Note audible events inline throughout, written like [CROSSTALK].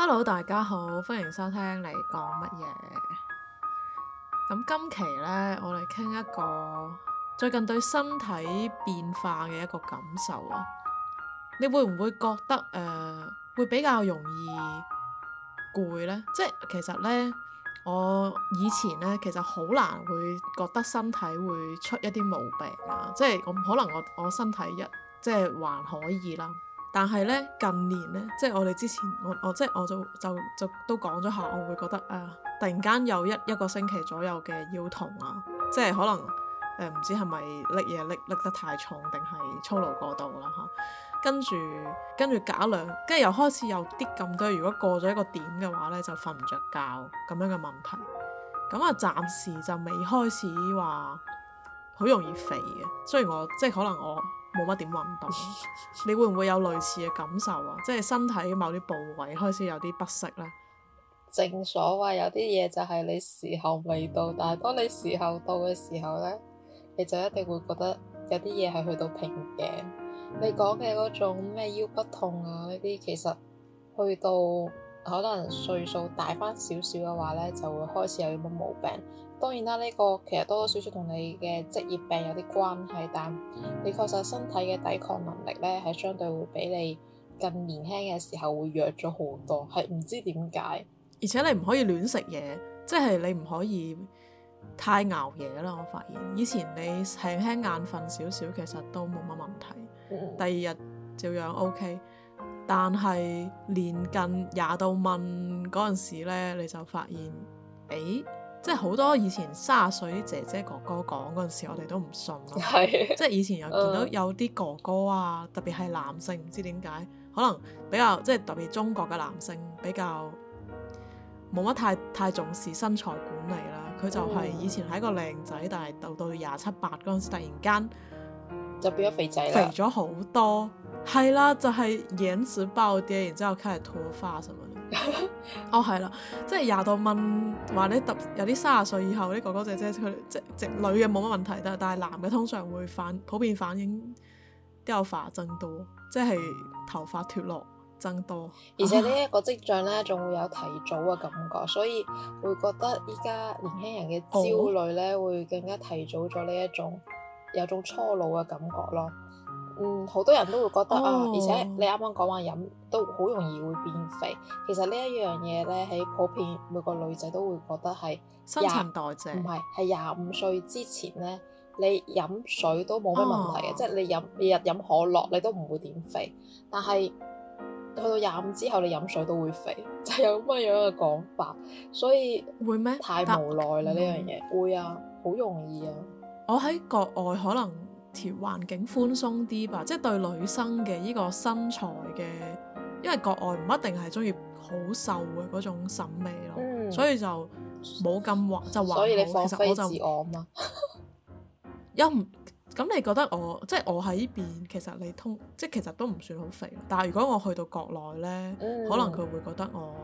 Hello，大家好，歡迎收聽你講乜嘢？咁今期呢，我嚟傾一個最近對身體變化嘅一個感受啊。你會唔會覺得誒、呃，會比較容易攰呢？即係其實呢，我以前呢，其實好難會覺得身體會出一啲毛病啊。即係我可能我我身體一即係還可以啦。但係咧，近年咧，即係我哋之前，我我即係我就就就都講咗下，我會覺得啊，突然間有一一個星期左右嘅腰痛啊，即係可能誒唔、呃、知係咪拎嘢拎得太重定係操勞過度啦、啊、吓，跟住跟住隔兩跟住又開始有啲咁多，如果過咗一個點嘅話咧，就瞓唔着覺咁樣嘅問題。咁啊，暫時就未開始話好容易肥嘅，雖然我即係可能我。冇乜點運動，你會唔會有類似嘅感受啊？即係身體某啲部位開始有啲不適呢？正所謂有啲嘢就係你時候未到，但係當你時候到嘅時候呢，你就一定會覺得有啲嘢係去到瓶頸。你講嘅嗰種咩腰骨痛啊呢啲，其實去到可能歲數大翻少少嘅話呢，就會開始有啲咁嘅毛病。當然啦，呢個其實多多少少同你嘅職業病有啲關係，但你確實身體嘅抵抗能力呢，係相對會比你更年輕嘅時候會弱咗好多，係唔知點解。而且你唔可以亂食嘢，即係你唔可以太熬夜啦。我發現以前你輕輕眼瞓少少，其實都冇乜問題，嗯嗯，第二日照樣 O K。但係年近廿到蚊嗰陣時咧，你就發現，哎～即係好多以前三十歲啲姐姐哥哥講陣時我哋都唔信咯。的即係以前又見到有啲哥哥啊， [LAUGHS] 特別係男性，唔知點解，可能比較即係特別中國嘅男性比較冇乜太太重視身材管理啦。佢就係以前係一個靚仔， [LAUGHS] 但係到到廿七八陣時突然間就變咗肥仔，肥咗好多。係啦，就係樣子暴跌，然之後開始脫髮什 [LAUGHS] 哦係啦，即係廿到蚊，話你特有啲三十歲以後啲哥哥姐姐，佢即直女嘅冇乜問題，但係但係男嘅通常會反普遍反映掉髮增多，即係頭髮脫落增多，而且呢一個跡象咧仲會有提早嘅感覺，所以會覺得依家年輕人嘅焦慮咧、哦、會更加提早咗呢一種有種初老嘅感覺咯。嗯，好多人都會覺得啊，oh. 而且你啱啱講話飲都好容易會變肥。其實呢一樣嘢咧，喺普遍每個女仔都會覺得係新陳代謝，唔係係廿五歲之前咧，你飲水都冇咩問題嘅，oh. 即係你日日飲可樂，你都唔會點肥。但係去到廿五之後，你飲水都會肥，就有咁樣嘅講法。所以會咩嗎？太無奈啦呢樣嘢。會啊，好容易啊。我喺國外可能。條環境寬鬆啲吧，即係對女生嘅呢個身材嘅，因為國外唔一定係中意好瘦嘅嗰種審美咯，嗯、所以就冇咁橫就橫 [LAUGHS] 其實我就唔我嘛。又咁你覺得我即係我喺呢邊，其實你通即係其實都唔算好肥，但係如果我去到國內呢，嗯、可能佢會覺得我。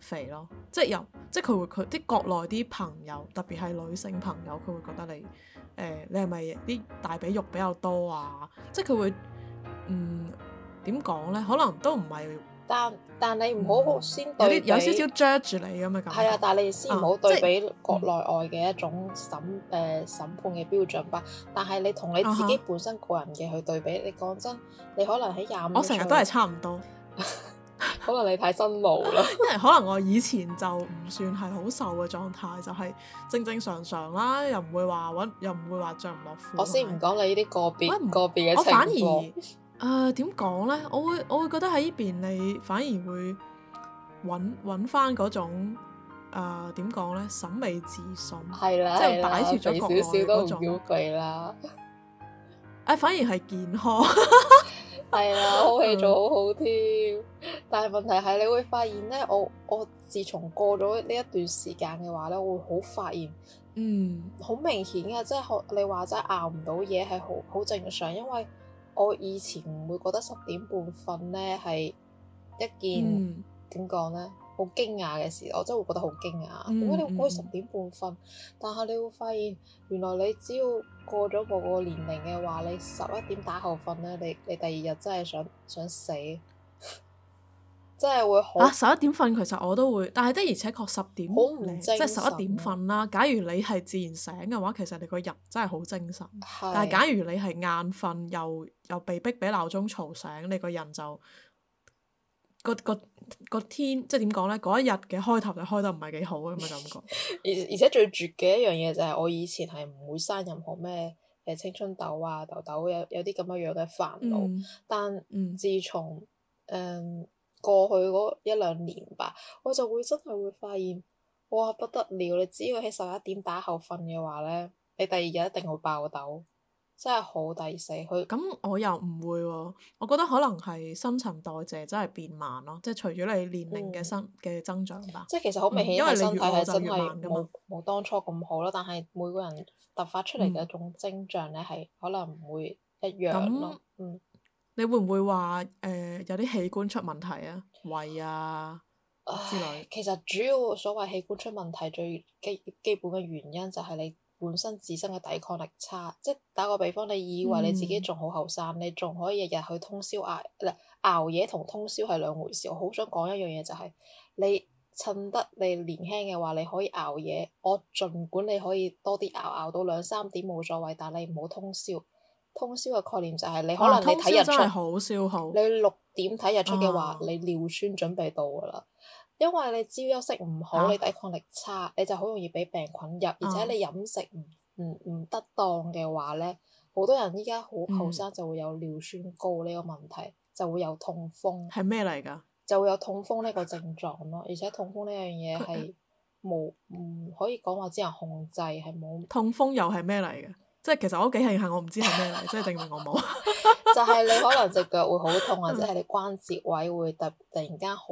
肥咯，即係又即係佢會佢啲國內啲朋友，特別係女性朋友，佢會覺得你誒、呃、你係咪啲大髀肉比較多啊？即係佢會嗯點講咧？可能都唔係，但但你唔好先、嗯、有啲有少少 judge 住你咁樣嘅感覺。係啊，但係你先唔好對比、嗯、國內外嘅一種審誒、嗯、審判嘅標準吧。但係你同你自己本身個人嘅去對比，啊、哈你講真，你可能喺廿五我成日都係差唔多。 [LAUGHS] 可能你太辛勞啦，因為可能我以前就唔算係好瘦嘅狀態，就係、是、正正常常啦，又唔會話搵，又唔會話着唔落褲。我先唔講你呢啲個別個別嘅情況，我反而，誒，點講咧？我會我會覺得喺呢邊你反而會搵搵翻嗰種誒，點講咧？審美自信係啦，即係擺脫咗國外嘅嗰種。誒、呃，反而係健康。 [LAUGHS] 係啊，好氣做好好添。 [LAUGHS] 但係問題係，你會發現呢，我我自從過咗呢一段時間嘅話咧，我會好發現，嗯，好、嗯、明顯嘅，即係學你話齋熬唔到嘢係好好正常。因為我以前會覺得十點半瞓呢係一件點講？嗯、呢？好驚訝嘅事，我真係會覺得好驚訝。果、嗯、你會睡十點半瞓，嗯、但係你會發現原來你只要。過咗個個年齡嘅話，你十一點打後瞓咧，你你第二日真係想想死， [LAUGHS] 真係會好。啊！十一點瞓其實我都會，但係的而且確十點即係十一點瞓啦。啊、假如你係自然醒嘅話，其實你個人真係好精神。是但係假如你係眼瞓又又被逼俾鬧鐘嘈醒，你個人就～個個個天即係點講咧？嗰一日嘅開頭就開得唔係幾好嘅咁嘅感覺。而 [LAUGHS] 而且最絕嘅一樣嘢就係我以前係唔會生任何咩誒青春痘啊、痘痘有有啲咁嘅樣嘅煩惱，嗯、但自從誒、嗯、過去嗰一兩年吧，我就會真係會發現哇不得了！你只要喺十一點打後瞓嘅話咧，你第二日一定會爆痘。真係好抵死，佢咁我又唔會喎、啊，我覺得可能係新陳代謝真係變慢咯、啊，即係除咗你年齡嘅生嘅、嗯、增長吧。即係其實好明顯，因為、嗯、身體係真係冇冇當初咁好咯，但係每個人突發出嚟嘅一種徵象咧，係、嗯、可能唔會一樣咯。那嗯，你會唔會話誒、呃、有啲器官出問題啊？胃啊唉之類。其實主要所謂器官出問題最基基本嘅原因就係你。本身自身嘅抵抗力差，即係打個比方，你以為你自己仲好後生，嗯、你仲可以日日去通宵熬，呃，熬夜同通宵係兩回事。我好想講一樣嘢就係、是、你趁得你年輕嘅話，你可以熬夜。我盡管你可以多啲熬，熬到兩三點冇所謂，但係你唔好通宵。通宵嘅概念就係、是、你可能你睇日出，嗯、好消耗。你六點睇日出嘅話，啊、你尿酸準備到㗎啦。因為你朝休息唔好，你抵抗力差，啊、你就好容易俾病菌入。嗯、而且你飲食唔唔唔得當嘅話咧，好多人依家好後生就會有尿酸高呢個問題，就會有痛風。係咩嚟㗎？就會有痛風呢個症狀咯，而且痛風呢樣嘢係冇，唔可以講話只能控制，係冇。痛風又係咩嚟㗎？即係其實我都幾慶幸，我唔知係咩嚟，即係證明我冇。就係你可能隻腳會好痛， [LAUGHS] 或者係你關節位會突突然間好。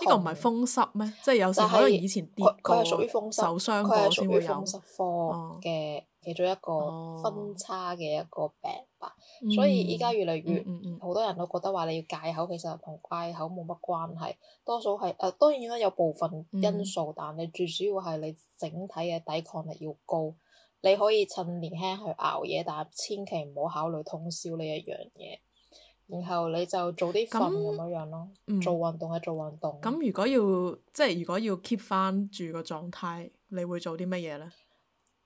呢個唔係風濕咩？即係有時可能以前跌過，屬於風濕受傷過先會有。佢係屬於風濕科嘅其中一個分叉嘅一個病吧。嗯、所以依家越嚟越好、嗯嗯嗯、多人都覺得話你要戒口，其實同戒口冇乜關係。多數係誒，當然啦，有部分因素，但你最主要係你整體嘅抵抗力要高。你可以趁年輕去熬嘢，但係千祈唔好考慮通宵呢一樣嘢。然後你就早啲瞓咁樣樣咯，做運動係做運動。咁如果要，即係如果要 keep 翻住個狀態，你會做啲乜嘢呢？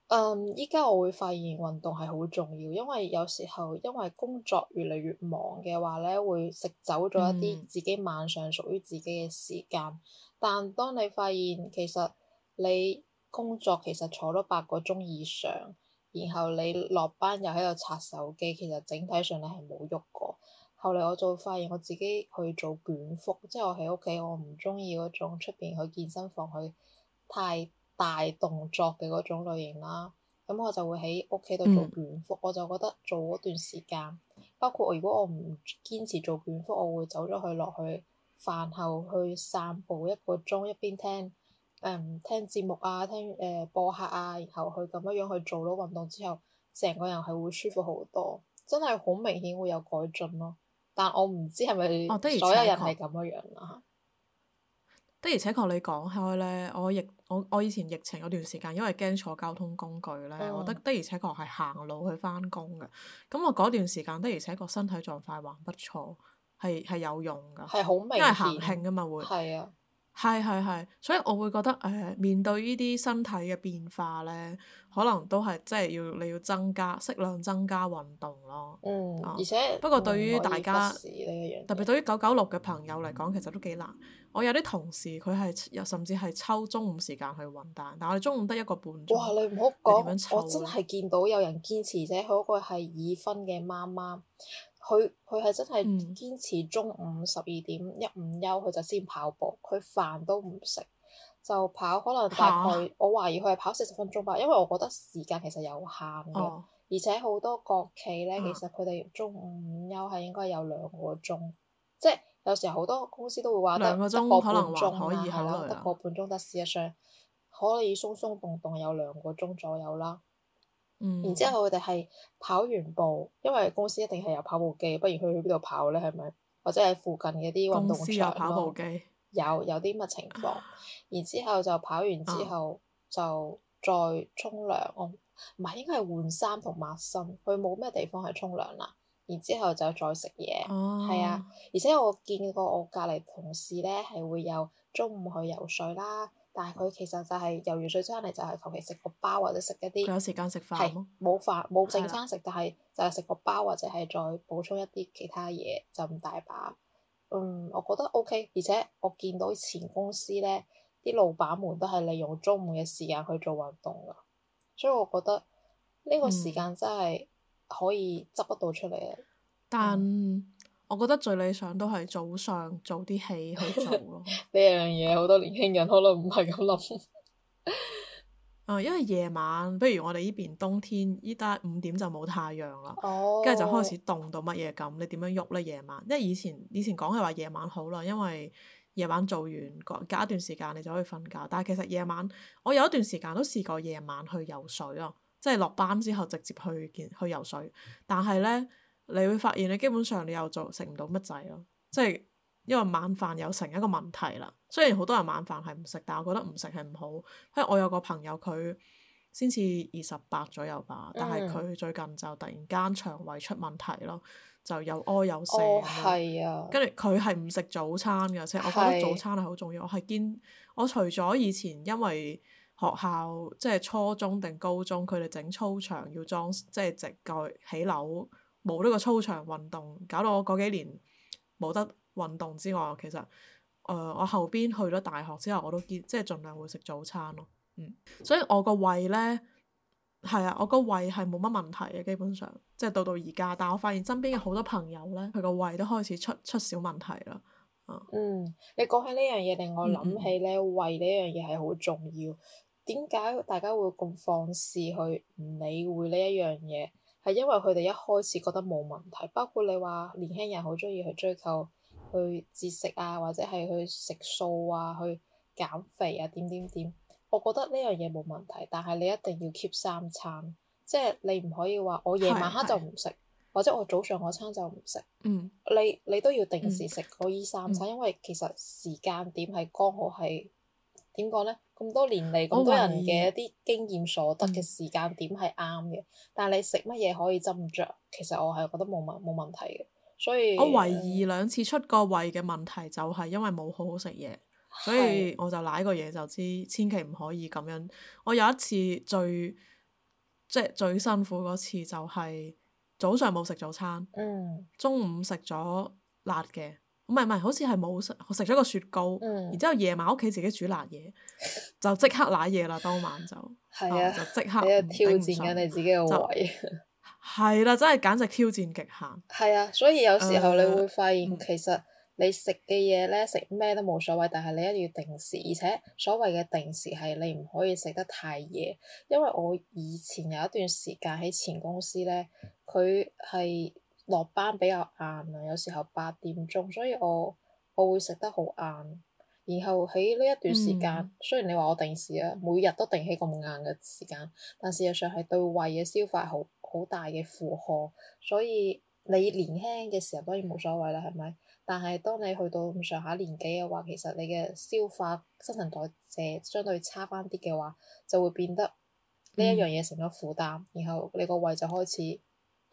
誒，依家我會發現運動係好重要，因為有時候因為工作越嚟越忙嘅話呢，會食走咗一啲自己晚上屬於自己嘅時間。嗯，但當你發現其實你工作其實坐咗八個鐘以上，然後你落班又喺度刷手機，其實整體上你係冇喐過。後嚟我就發現我自己去做捲腹，即係我喺屋企，我唔中意嗰種出邊去健身房去太大動作嘅嗰種類型啦。咁我就會喺屋企度做捲腹，嗯、我就覺得做嗰段時間，包括如果我唔堅持做捲腹，我會走咗去落去飯後去散步一個鐘，一邊聽誒、嗯、聽節目啊，聽誒、呃、播客啊，然後去咁樣去做咗運動之後，成個人係會舒服好多，真係好明顯會有改進咯、啊。但我唔知係咪哦，所有人係咁嘅樣啦。的、哦、而且確、嗯、而且確你講開咧，我疫我我以前疫情嗰段時間，因為驚坐交通工具咧，我得的而且確係行路去返工嘅。咁我嗰段時間的而且確身體狀態還不錯，係係有用㗎。係好明顯。因為行緊㗎嘛，會。係啊。係係係，所以我會覺得誒、呃、面對呢啲身體嘅變化咧，可能都係即係要你要增加適量增加運動咯。嗯，啊、而且不過對於大家、嗯、特別對於九九六嘅朋友嚟講，其實都幾難。我有啲同事佢係又甚至係抽中午時間去運動，但我哋中午得一個半鐘。哇！你唔好講，我真係見到有人堅持者，佢嗰個係已婚嘅媽媽。佢佢係真係堅持中午十二點一午休，佢、嗯、就先跑步，佢飯都唔食，就跑可能大概、啊、我懷疑佢係跑四十分鐘吧，因為我覺得時間其實有限嘅，啊、而且好多國企呢，其實佢哋中午午休係應該有兩個鐘，即係有時候好多公司都會話得得個半鐘可以係啦，得個了半鐘得事實上，可以鬆鬆動動，動有兩個鐘左右啦。嗯、然之後佢哋係跑完步，因為公司一定係有跑步機，不如去去邊度跑呢？係咪？或者係附近嘅啲公司 運動場跑步機、嗯、有有啲乜情況？啊、然之後就跑完之後、啊、就再沖涼，我唔係應該係換衫同抹身，佢冇咩地方係沖涼啦。然之後就再食嘢，係啊，啊！而且我見過我隔離同事呢，係會有中午去游水啦。但係佢其實就係游完水出嚟就係求其食個包或者食一啲，仲有時間食飯咯。冇飯冇正餐食的但係就係食個包或者係再補充一啲其他嘢就唔大把。嗯，我覺得 OK，而且我見到前公司呢啲老闆們都係利用中午嘅時間去做運動噶，所以我覺得呢個時間真係可以執得到出嚟、嗯嗯、但我覺得最理想都係早上早啲起去做咯。呢樣嘢好 [LAUGHS] 多年輕人可能唔係咁諗。啊、 [LAUGHS] 嗯，因為夜晚，不如我哋呢邊冬天依家五點就冇太陽啦，跟住，oh. 就開始凍到乜嘢咁。你點樣喐咧？夜晚，因為以前以前講係話夜晚好啦，因為夜晚做完隔一段時間你就可以瞓覺。但係其實夜晚，我有一段時間都試過夜晚去游水啊，即係落班之後直接去健去游水，但係咧。你會發現你基本上你又做食唔到乜滯咯，即係因為晚飯有成一個問題啦。雖然好多人晚飯係唔食，但我覺得唔食係唔好。因為我有個朋友佢先至二十八左右吧，但係佢最近就突然間腸胃出問題咯，就又屙又瀉咁樣。哦、啊，跟住佢係唔食早餐嘅，即係我覺得早餐係好重要。是我係堅，我除咗以前因為學校即係初中定高中，佢哋整操場要裝即係直蓋起樓。冇呢個操場運動，搞到我嗰幾年冇得運動之外，其實誒、呃、我後邊去咗大學之後，我都堅即係盡量會食早餐咯，嗯，所以我個胃咧係啊，我個胃係冇乜問題嘅，基本上即係到到而家。但我發現身邊嘅好多朋友咧，佢個胃都開始出出少問題啦，嗯，嗯你講起呢樣嘢，令我諗起咧、嗯嗯、胃呢樣嘢係好重要。點解大家會咁放肆去唔理會呢一樣嘢？係因為佢哋一開始覺得冇問題，包括你話年輕人好鍾意去追求去節食啊，或者係去食素啊、去減肥啊點點點。我覺得呢樣嘢冇問題，但係你一定要 keep 三餐，即係你唔可以話，我夜晚黑就唔食，或者我早上嗰餐就唔食。的你你都要定時食嗰啲三餐，的因為其實時間點係剛好係點講呢？咁多年嚟，咁多人嘅一啲經驗所得嘅時間點係啱嘅，嗯、但係你食乜嘢可以斟酌，其實我係覺得冇問冇問題嘅。所以我唯二兩次出過胃嘅問題，就係因為冇好好食嘢，是所以我就舐個嘢就知，千祈唔可以咁樣。我有一次最即係最，最辛苦嗰次，就係早上冇食早餐，嗯、中午食咗辣嘅。唔係唔係，好似係冇食食咗個雪糕，嗯、然之後夜晚屋企自己煮辣嘢， [LAUGHS] 就即刻瀨嘢啦。當晚就係啊，哦、就即刻你又挑戰緊你自己嘅胃，係啦、啊，真係簡直挑戰極限。係啊，所以有時候你會發現、嗯、其實你食嘅嘢咧，食咩都冇所謂，但係你一定要定時，而且所謂嘅定時係你唔可以食得太夜。因為我以前有一段時間喺前公司咧，佢係，落班比較晏啊，有時候八點鐘，所以我我會食得好晏。然後喺呢一段時間，嗯、雖然你話我定時啊，每日都定喺咁晏嘅時間，但事實上係對胃嘅消化好好大嘅負荷。所以你年輕嘅時候當然冇所謂啦，係咪、嗯？但係當你去到咁上下年紀嘅話，其實你嘅消化新陳代謝相對差翻啲嘅話，就會變得呢一樣嘢成咗負擔，嗯、然後你個胃就開始。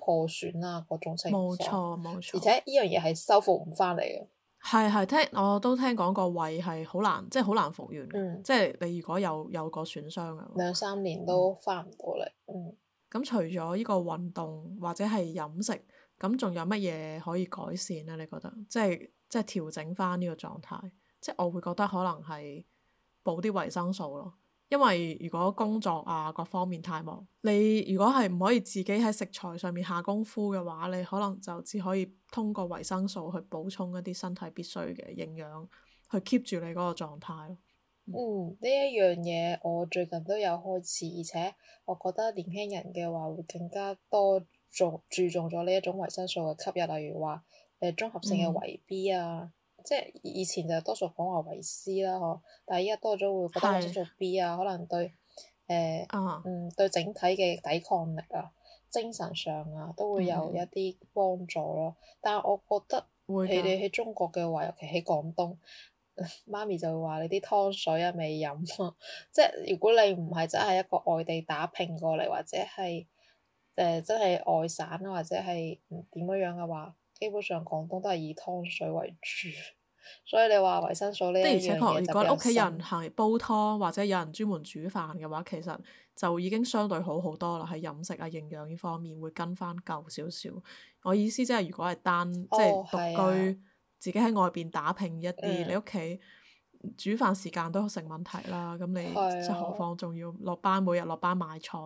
破損啊，各種情況。冇錯，冇錯。而且呢樣嘢係修復唔翻嚟嘅。係係，聽我都聽講過胃係好難，即係好難復原嘅。嗯。即係你如果有有個損傷嘅，兩三年都翻唔到嚟。嗯。咁、嗯、除咗呢個運動或者係飲食，咁仲有乜嘢可以改善呢？你覺得即係即係調整翻呢個狀態，即係我會覺得可能係補啲維生素咯。因為如果工作啊，各方面太忙，你如果係唔可以自己喺食材上面下功夫嘅話，你可能就只可以通過維生素去補充一啲身體必須嘅營養，去 keep 住你嗰個狀態。嗯，呢、嗯、一樣嘢我最近都有開始，而且我覺得年輕人嘅話會更加多重注重咗呢一種維生素嘅吸入，例如話誒綜合性嘅維 B 啊。嗯即係以前就多數講話維 C 啦，嗬！但係依家多咗會覺得好似做 B 啊是，可能對誒、呃 uh huh. 嗯對整體嘅抵抗力啊、精神上啊，都會有一啲幫助咯。Uh huh. 但係我覺得會是你喺中國嘅話，尤其喺廣東，媽咪就會話你啲湯水啊未飲啊，即係如果你唔係真係一個外地打拼過嚟，或者係誒、呃、真係外省或者係點樣樣嘅話。基本上廣東都係以湯水為主，所以你話維生素呢？的而且確，如果屋企人係煲湯或者有人專門煮飯嘅話，其實就已經相對好好多啦。喺飲食啊、營養呢方面會跟翻舊少少。我意思即係，如果係單即係、oh, 獨居，yeah. 自己喺外邊打拼一啲，Yeah. 你屋企煮飯時間都成問題啦。咁 Yeah. 你，又何況仲要落班，每日落班買菜。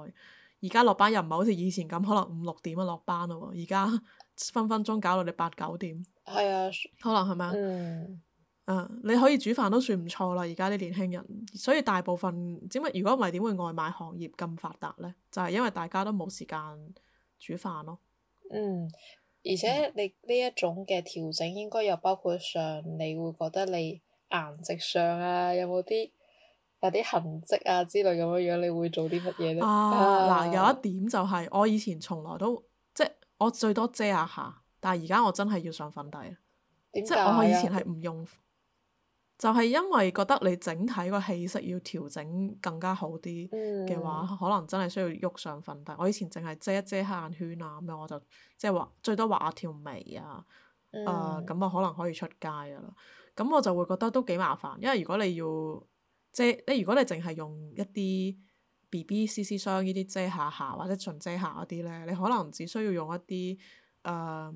而家落班又唔係好似以前咁，可能五六點啊落班咯。而家。 [LAUGHS] 分分鐘搞到你八九點，係啊，可能係咪嗯，啊，你可以煮飯都算唔錯啦。而家啲年輕人，所以大部分，只咪如果唔係，點會外賣行業咁發達呢？就係因為大家都冇時間煮飯咯。嗯，而且你呢一種嘅調整，應該又包括上你會覺得你顏值上啊，有冇啲有啲痕跡啊之類咁嘅樣，你會做啲乜嘢呢？嗱、啊啊，有一點就係我以前從來都。我最多遮一下，但係而家我真係要上粉底，即係何我以前係唔用，就係、是、因為覺得你整體個氣色要調整更加好啲嘅話，嗯、可能真係需要喐上粉底。我以前淨係遮一遮黑眼圈啊，咁樣我就即係話最多畫條眉啊，誒、嗯，咁我、呃、可能可以出街噶啦。咁我就會覺得都幾麻煩，因為如果你要遮，你如果你淨係用一啲。B B C C 霜呢啲遮瑕下或者純遮瑕嗰啲咧，你可能只需要用一啲誒、呃、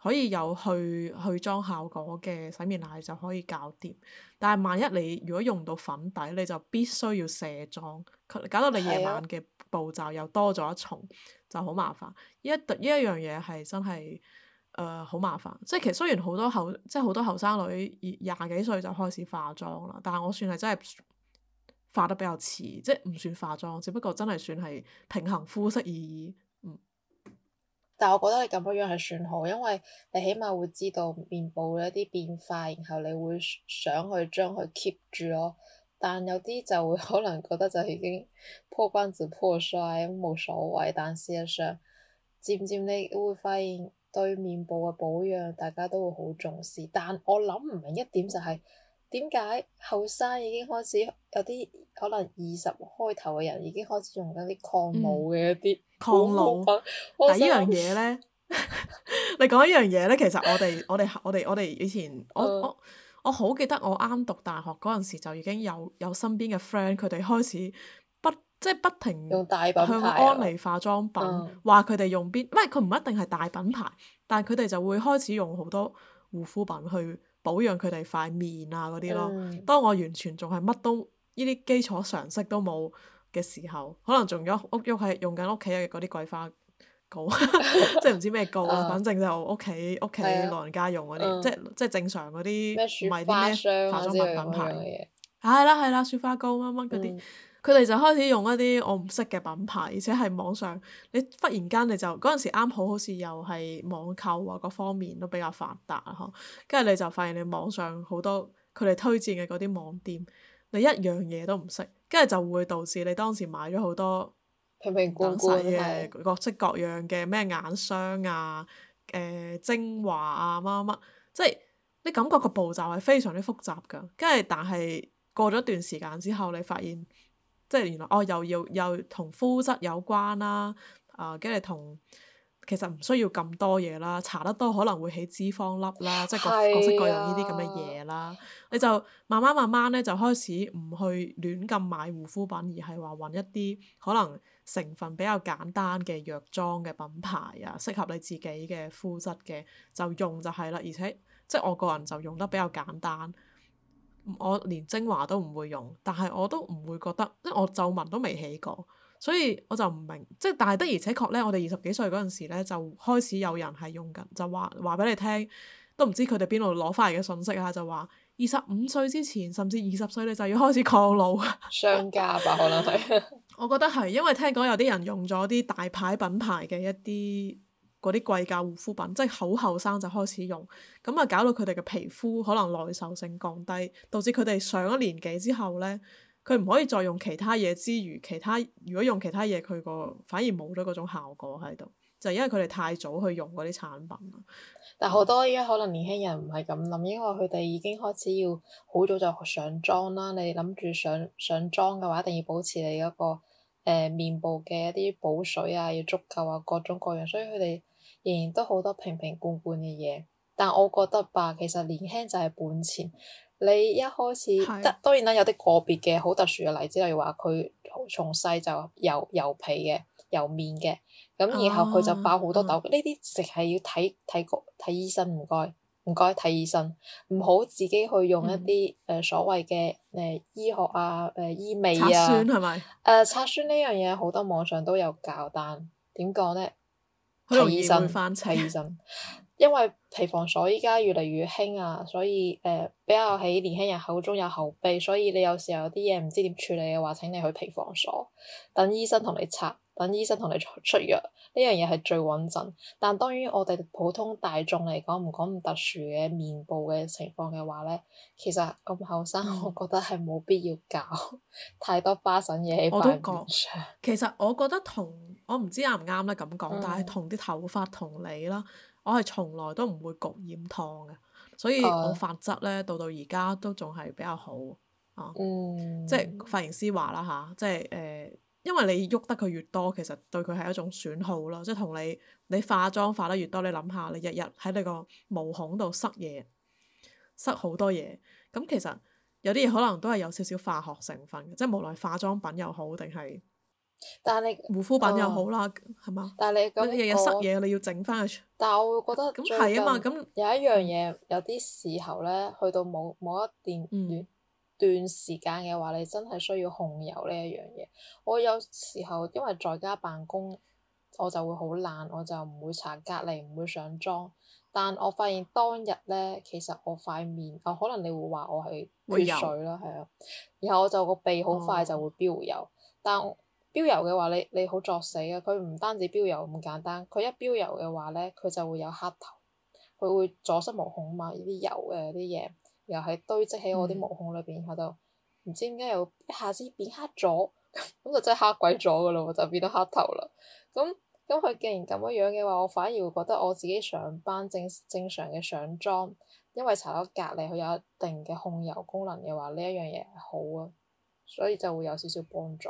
可以有去去妝效果嘅洗面奶就可以搞掂。但係萬一你如果用到粉底，你就必須要卸妝，搞到你夜晚嘅步驟又多咗一重，啊、就好麻煩。呢一依樣嘢係真係誒好麻煩，即係其實雖然好多後生女廿幾歲就開始化妝啦，但係我算係真係，化得比較遲，即係唔算化妝，只不過真係算係平衡膚色而已。嗯，但我覺得你咁樣樣係算好，因為你起碼會知道面部嘅一啲變化，然後你會想去將佢 keep 住咯。但有啲就會可能覺得就已經破罐子破摔咁冇所謂。但事實上，漸漸你會發現對面部嘅保養，大家都會好重視。但我諗唔明一點就係點解後生已經開始。有啲可能二十開頭嘅人已經開始用緊啲抗老嘅一啲抗老品，但講呢樣嘢咧， [LAUGHS] [LAUGHS] 你講呢樣嘢咧，其實我哋 [LAUGHS] 我哋我哋我哋以前我、嗯、我我，我好記得我啱讀大學嗰陣時就已經有有身邊嘅 friend 佢哋開始不即係不停用大品牌，啊、向安利化妝品，話佢哋用邊，唔係佢唔一定係大品牌，但係佢哋就會開始用好多護膚品去保養佢哋塊面啊嗰啲咯。嗯、當我完全仲係乜都～呢啲基礎常識都冇嘅時候，可能仲有屋喐，係用緊屋企嘅嗰啲桂花膏， [LAUGHS] 即係唔知咩膏， [LAUGHS] 啊、反正就屋企屋企老人家用嗰啲、啊，即係即係正常嗰啲，唔係啲咩化妝品品牌。係啦係啦，雪花膏，乜乜嗰啲，佢哋、嗯、就開始用一啲我唔識嘅品牌，而且係網上，你忽然間你就嗰陣時啱好好似又係網購啊，各方面都比較發達啊，嗬。跟住你就發現你網上好多佢哋推薦嘅嗰啲網店。你一樣嘢都唔識，跟住就會導致你當時買咗好多平平古古等等嘅各式各樣嘅咩眼霜啊、誒、呃、精華啊、乜乜，即係你感覺個步驟係非常之複雜噶。跟住，但係過咗一段時間之後，你發現即係原來哦，又要又同膚質有關啦，啊，跟住同。其實唔需要咁多嘢啦，搽得多可能會起脂肪粒啦，即係各各式各樣呢啲咁嘅嘢啦。啊、你就慢慢慢慢咧，就開始唔去亂咁買護膚品，而係話揾一啲可能成分比較簡單嘅藥妝嘅品牌啊，適合你自己嘅膚質嘅就用就係啦。而且即係我個人就用得比較簡單，我連精華都唔會用，但係我都唔會覺得，即係我皺紋都未起過。所以我就唔明，即係但係的而且確咧，我哋二十幾歲嗰陣時咧就開始有人係用緊，就話話俾你聽，都唔知佢哋邊度攞翻嚟嘅信息啊，就話二十五歲之前甚至二十歲你就要開始抗老。商家吧，可能係。我覺得係，因為聽講有啲人用咗啲大牌品牌嘅一啲嗰啲貴價護膚品，即係好後生就開始用，咁啊搞到佢哋嘅皮膚可能耐受性降低，導致佢哋上咗年紀之後咧。佢唔可以再用其他嘢之餘，其他如果用其他嘢，佢個反而冇咗嗰種效果喺度，就因為佢哋太早去用嗰啲產品。但好多依家可能年輕人唔係咁諗，因為佢哋已經開始要好早就上妝啦。你諗住上上妝嘅話，一定要保持你嗰個、呃、面部嘅一啲補水啊，要足夠啊，各種各樣。所以佢哋仍然都好多瓶瓶罐罐嘅嘢。但我覺得吧，其實年輕就係本錢。你一開始得，是當然啦，有啲個別嘅好特殊嘅例子，例如話佢從細就油油皮嘅油面嘅，咁然後佢就爆好多痘，呢啲直係要睇睇個睇醫生，唔該唔該睇醫生，唔好自己去用一啲誒、嗯呃、所謂嘅誒、呃、醫學啊誒、呃、醫美啊，擦酸係咪？誒、呃、擦酸呢樣嘢好多網上都有教單，但點講咧？睇醫生，睇醫生。 [LAUGHS] 因為皮防所依家越嚟越興啊，所以誒、呃、比較喺年輕人口中有口碑，所以你有時候啲嘢唔知點處理嘅話，請你去皮防所等醫生同你拆，等醫生同你出藥呢樣嘢係最穩陣。但當然我哋普通大眾嚟講，唔講咁特殊嘅面部嘅情況嘅話呢，其實咁後生，哦、我覺得係冇必要搞太多花臣嘢。喺我都上。其實我覺得我、嗯、同我唔知啱唔啱咧咁講，但係同啲頭髮同理啦。我係從來都唔會焗染燙嘅，所以我髮質咧到到而家都仲係比較好啊，嗯、即係髮型師話啦下，即係誒、呃，因為你喐得佢越多，其實對佢係一種損耗咯，即係同你你化妝化得越多，你諗下你日日喺你個毛孔度塞嘢，塞好多嘢，咁其實有啲嘢可能都係有少少化學成分嘅，即係無論化妝品又好定係。但你護膚品又好啦，係嘛、嗯？吧但你咁日日塞嘢，你要整翻佢。但係我會覺得咁係啊嘛，咁有一樣嘢，嗯、有啲時候咧，去到某某一段段時間嘅話，嗯、你真係需要控油呢一樣嘢。我有時候因為在家辦公，我就會好懶，我就唔會搽隔離，唔會上妝。但我發現當日咧，其實我塊面，哦，可能你會話我係缺水啦，係啊會有，然後我就個鼻好快就會飆油，但。飆油嘅話，你你好作死啊！佢唔單止飆油咁簡單，佢一飆油嘅話呢，佢就會有黑頭，佢會阻塞毛孔嘛。啲油啊啲嘢又喺堆積喺我啲毛孔裏邊，然後就唔、嗯、知點解又一下子變黑咗，咁、嗯、 [LAUGHS] 就真係黑鬼咗噶啦，就變到黑頭啦。咁咁佢既然咁樣樣嘅話，我反而會覺得我自己上班正正常嘅上妝，因為搽咗隔離佢有一定嘅控油功能嘅話，呢一樣嘢好啊，所以就會有少少幫助。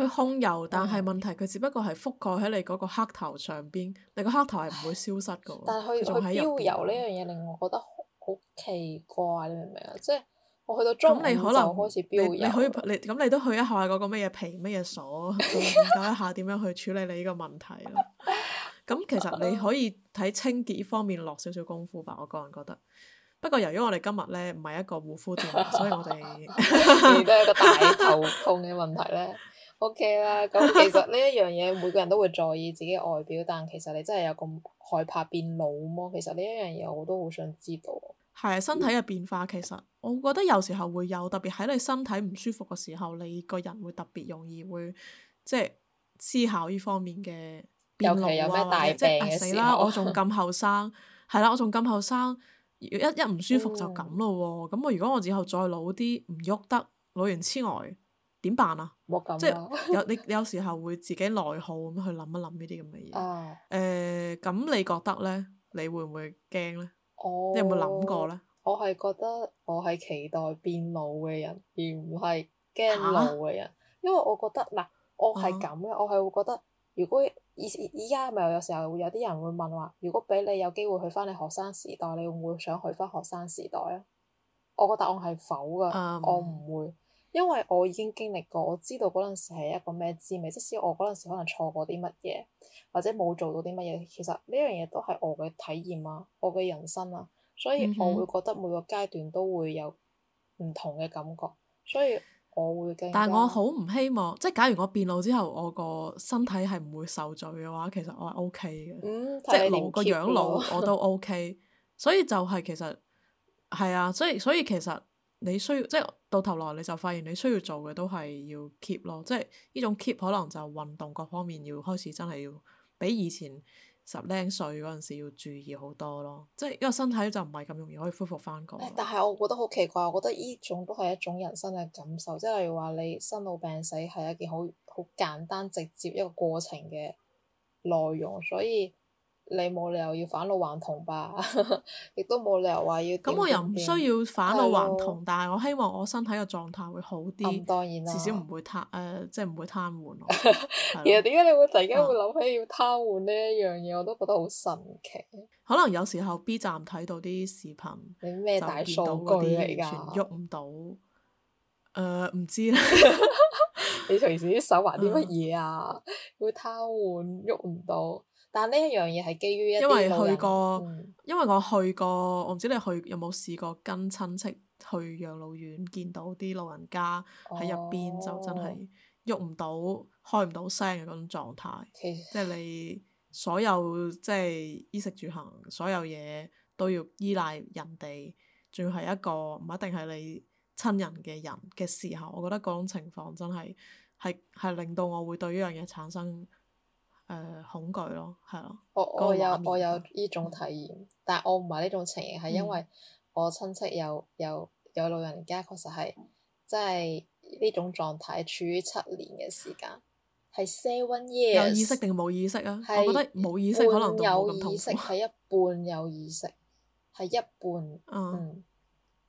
佢控油，但係問題佢只不過係覆蓋喺你嗰個黑頭上邊，你個黑頭係唔會消失嘅喎。但係佢仲喺油呢樣嘢令我覺得好奇怪，你明唔明啊？即係我去到中，咁你可能你，你可以你咁你都去一下嗰個咩嘢皮咩嘢鎖研究一下點樣去處理你呢個問題咯。咁 [LAUGHS] 其實你可以喺清潔方面落少少功夫吧。我個人覺得，不過由於我哋今日咧唔係一個護膚店，所以我哋都係一個大頭痛嘅問題咧。O K 啦，咁、okay、其實呢一樣嘢每個人都會在意自己外表， [LAUGHS] 但其實你真係有咁害怕變老麼？其實呢一樣嘢我都好想知道。係啊，身體嘅變化其實我覺得有時候會有，特別喺你身體唔舒服嘅時候，你個人會特別容易會即係思考呢方面嘅變老啊，有咩大病，死啦！我仲咁後生，係啦，我仲咁後生，一一唔舒服就咁咯喎。咁我、嗯、如果我以後再老啲唔喐得，老完痴呆、呃。點辦啊？即係是 [LAUGHS] 有你，有時候會自己內耗咁去諗一諗呢啲咁嘅嘢。誒、啊、咁、呃、你覺得咧？你會唔會驚咧？哦、你有冇諗過咧？我係覺得我係期待變老嘅人，而唔係驚老嘅人。啊、因為我覺得嗱，我係咁嘅，啊、我係會覺得，如果以依家咪有時候會有啲人會問話，如果俾你有機會去翻你學生時代，你會唔會想去翻學生時代啊？我個答案係否噶，嗯、我唔會。因為我已經經歷過，我知道嗰陣時係一個咩滋味。即使我嗰陣時可能錯過啲乜嘢，或者冇做到啲乜嘢，其實呢樣嘢都係我嘅體驗啊，我嘅人生啊，所以我會覺得每個階段都會有唔同嘅感覺，所以我會驚。但係、嗯、哼 [LAUGHS] 我好唔希望，即係假如我變老之後，我個身體係唔會受罪嘅話，其實我係 OK 嘅，嗯、即係老個養老,老我都 OK。 [LAUGHS] 所以就係其實係啊，所以所以其實,以以其實你需要即係。即到頭來你就發現你需要做嘅都係要 keep 咯，即係呢種 keep 可能就運動各方面要開始真係要比以前十零歲嗰陣時要注意好多咯，即係因為身體就唔係咁容易可以恢復翻過。但係我覺得好奇怪，我覺得呢種都係一種人生嘅感受，即係例如話你生老病死係一件好好簡單直接一個過程嘅內容，所以。你冇理由要返老還童吧？亦都冇理由話要咁，我又唔需要返老還童，啊哦、但係我希望我身體嘅狀態會好啲，嗯、當然啦，至少唔會癱誒、呃，即係唔會癱瘓。其實點解你會突然間會諗起要癱瘓呢一樣嘢？我都覺得好神奇。可能有時候 B 站睇到啲視頻，你咩大數據嚟㗎？喐唔到？誒唔知啦。你隨時啲手滑啲乜嘢啊？會癱瘓喐唔到？但呢一樣嘢係基於一啲老人，因為去過，嗯、因為我去過，我唔知你去有冇試過跟親戚去養老院，見到啲老人家喺入邊就真係喐唔到、哦、開唔到聲嘅嗰種狀態，即係、其實、你所有即係、即係、衣食住行所有嘢都要依賴人哋，仲要係一個唔一定係你親人嘅人嘅時候，我覺得嗰種情況真係係係令到我會對呢樣嘢產生，誒、呃、恐懼咯，係咯、啊，我有 [NOISE] 我有我有呢種體驗，但係我唔係呢種情形，係、嗯、因為我親戚有有有老人家確實係，即係呢種狀態處於七年嘅時間，係 seven year 有意識定冇意識啊？係是，我覺得冇意識，可能有，有意識，係一半有意識，係一半，嗯，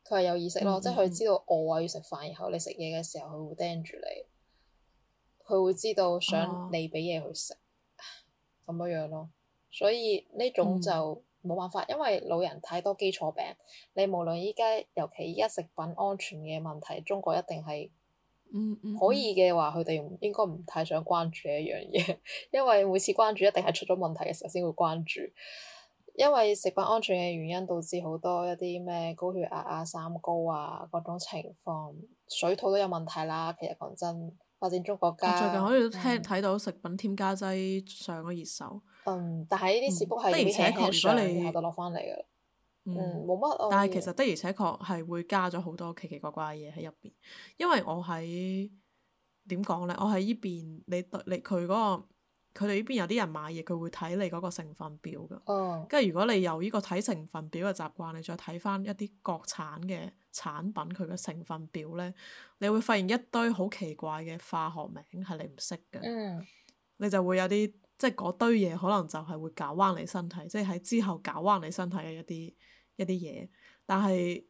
佢係、嗯、有意識咯，嗯、即係佢知道我要食飯，然後你食嘢嘅時候，佢會盯住你，佢會知道想你俾嘢去食。咁樣樣咯，所以呢種就冇辦法，因為老人太多基礎病。你無論依家，尤其依家食品安全嘅問題，中國一定係可以嘅話，佢哋應該唔太想關注呢一樣嘢，因為每次關注一定係出咗問題嘅時候先會關注。因為食品安全嘅原因導致好多一啲咩高血壓啊、三高啊，各種情況，水土都有問題啦。其實講真。發展中國家。最近可以聽睇、嗯、到食品添加劑上咗熱搜。嗯，但係呢啲蝨卜係唔會請唔到你，我就落翻嚟㗎，嗯，冇乜、嗯、但係其實的而且確係會加咗好多奇奇怪怪嘅嘢喺入邊，因為我喺點講咧？我喺依邊，你對你佢嗰、那個。佢哋依邊有啲人買嘢，佢會睇你嗰個成分表噶。跟住，Oh. 如果你有依個睇成分表嘅習慣，你再睇翻一啲國產嘅產品佢嘅成分表咧，你會發現一堆好奇怪嘅化學名係你唔識嘅。Oh. 你就會有啲即係嗰堆嘢可能就係會搞彎你身體，即係喺之後搞彎你身體嘅一啲一啲嘢，但係。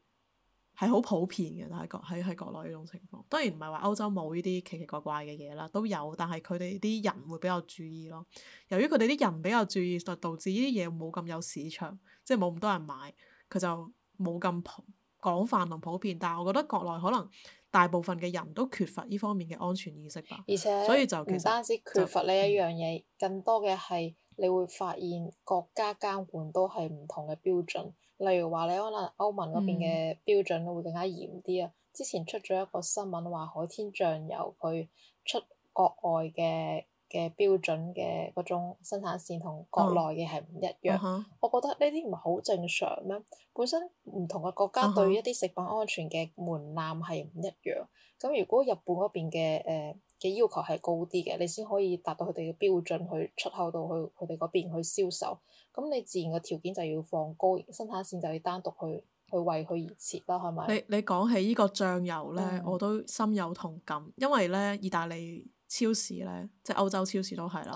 係好普遍嘅，但係國喺喺國內呢種情況，當然唔係話歐洲冇呢啲奇奇怪怪嘅嘢啦，都有，但係佢哋啲人會比較注意咯。由於佢哋啲人比較注意，就導致呢啲嘢冇咁有市場，即係冇咁多人買，佢就冇咁普廣泛同普遍。但係我覺得國內可能大部分嘅人都缺乏呢方面嘅安全意識吧。而且，所以就其實唔單止缺乏呢一樣嘢，就更多嘅係你會發現國家監管都係唔同嘅標準。例如話，你可能歐盟嗰邊嘅標準會更加嚴啲啊！嗯、之前出咗一個新聞話，海天醬油佢出國外嘅嘅標準嘅嗰種生產線同國內嘅係唔一樣，嗯 uh huh. 我覺得呢啲唔係好正常咩？本身唔同嘅國家對一啲食品安全嘅門檻係唔一樣。咁、uh huh. 如果日本嗰邊嘅誒？呃嘅要求係高啲嘅，你先可以達到佢哋嘅標準去出口到去佢哋嗰邊去銷售。咁你自然嘅條件就要放高，生產線就要單獨去去為佢而設啦，係咪？你你講起呢個醬油咧，嗯、我都深有同感，因為咧意大利超市咧，即係歐洲超市都係啦，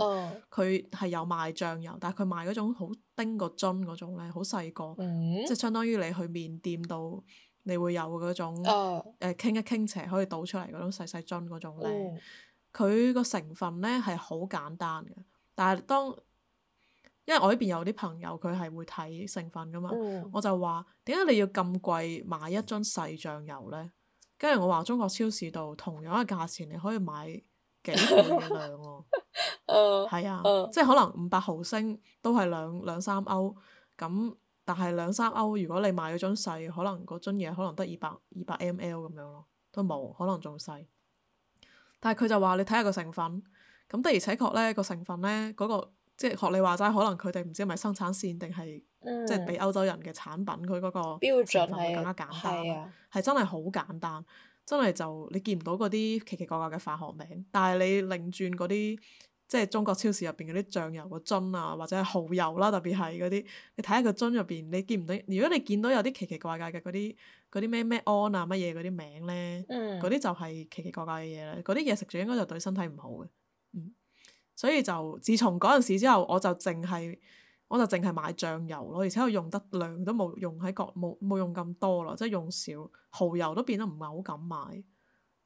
佢係、嗯、有賣醬油，但係佢賣嗰種好丁個樽嗰種咧，好細個，嗯、即係相當於你去麵店度。你會有嗰種誒傾、oh. 呃、一傾斜可以倒出嚟嗰種細細樽嗰種咧，佢個、oh. 成分咧係好簡單嘅。但係當因為我呢邊有啲朋友佢係會睇成分噶嘛，oh. 我就話點解你要咁貴買一樽細醬油咧？跟住我話中國超市度同樣嘅價錢你可以買幾倍嘅量喎。係啊，即係可能五百毫升都係兩兩三歐咁。但係兩三歐，如果你買嗰樽細，可能嗰樽嘢可能得二百二百 mL 咁樣咯，都冇可能仲細。但係佢就話你睇下個成分，咁的而且確咧個成分咧嗰、嗰個，即係學你話齋，可能佢哋唔知係咪生產線定係、嗯、即係畀歐洲人嘅產品佢嗰個標準係更加簡單，係真係好簡單，啊、真係就你見唔到嗰啲奇奇怪怪嘅化學名，但係你擰轉嗰啲。即係中國超市入邊嗰啲醬油個樽啊，或者係蠔油啦，特別係嗰啲，你睇下個樽入邊，你見唔到？如果你見到有啲奇、啊嗯、奇奇怪怪嘅嗰啲嗰啲咩咩胺啊乜嘢嗰啲名咧，嗰啲就係奇奇怪怪嘅嘢啦。嗰啲嘢食住應該就對身體唔好嘅。嗯，所以就自從嗰陣時之後，我就淨係我就淨係買醬油咯，而且我用得量都冇用喺國冇冇用咁多啦，即係用少。蠔油都變得唔係好敢買。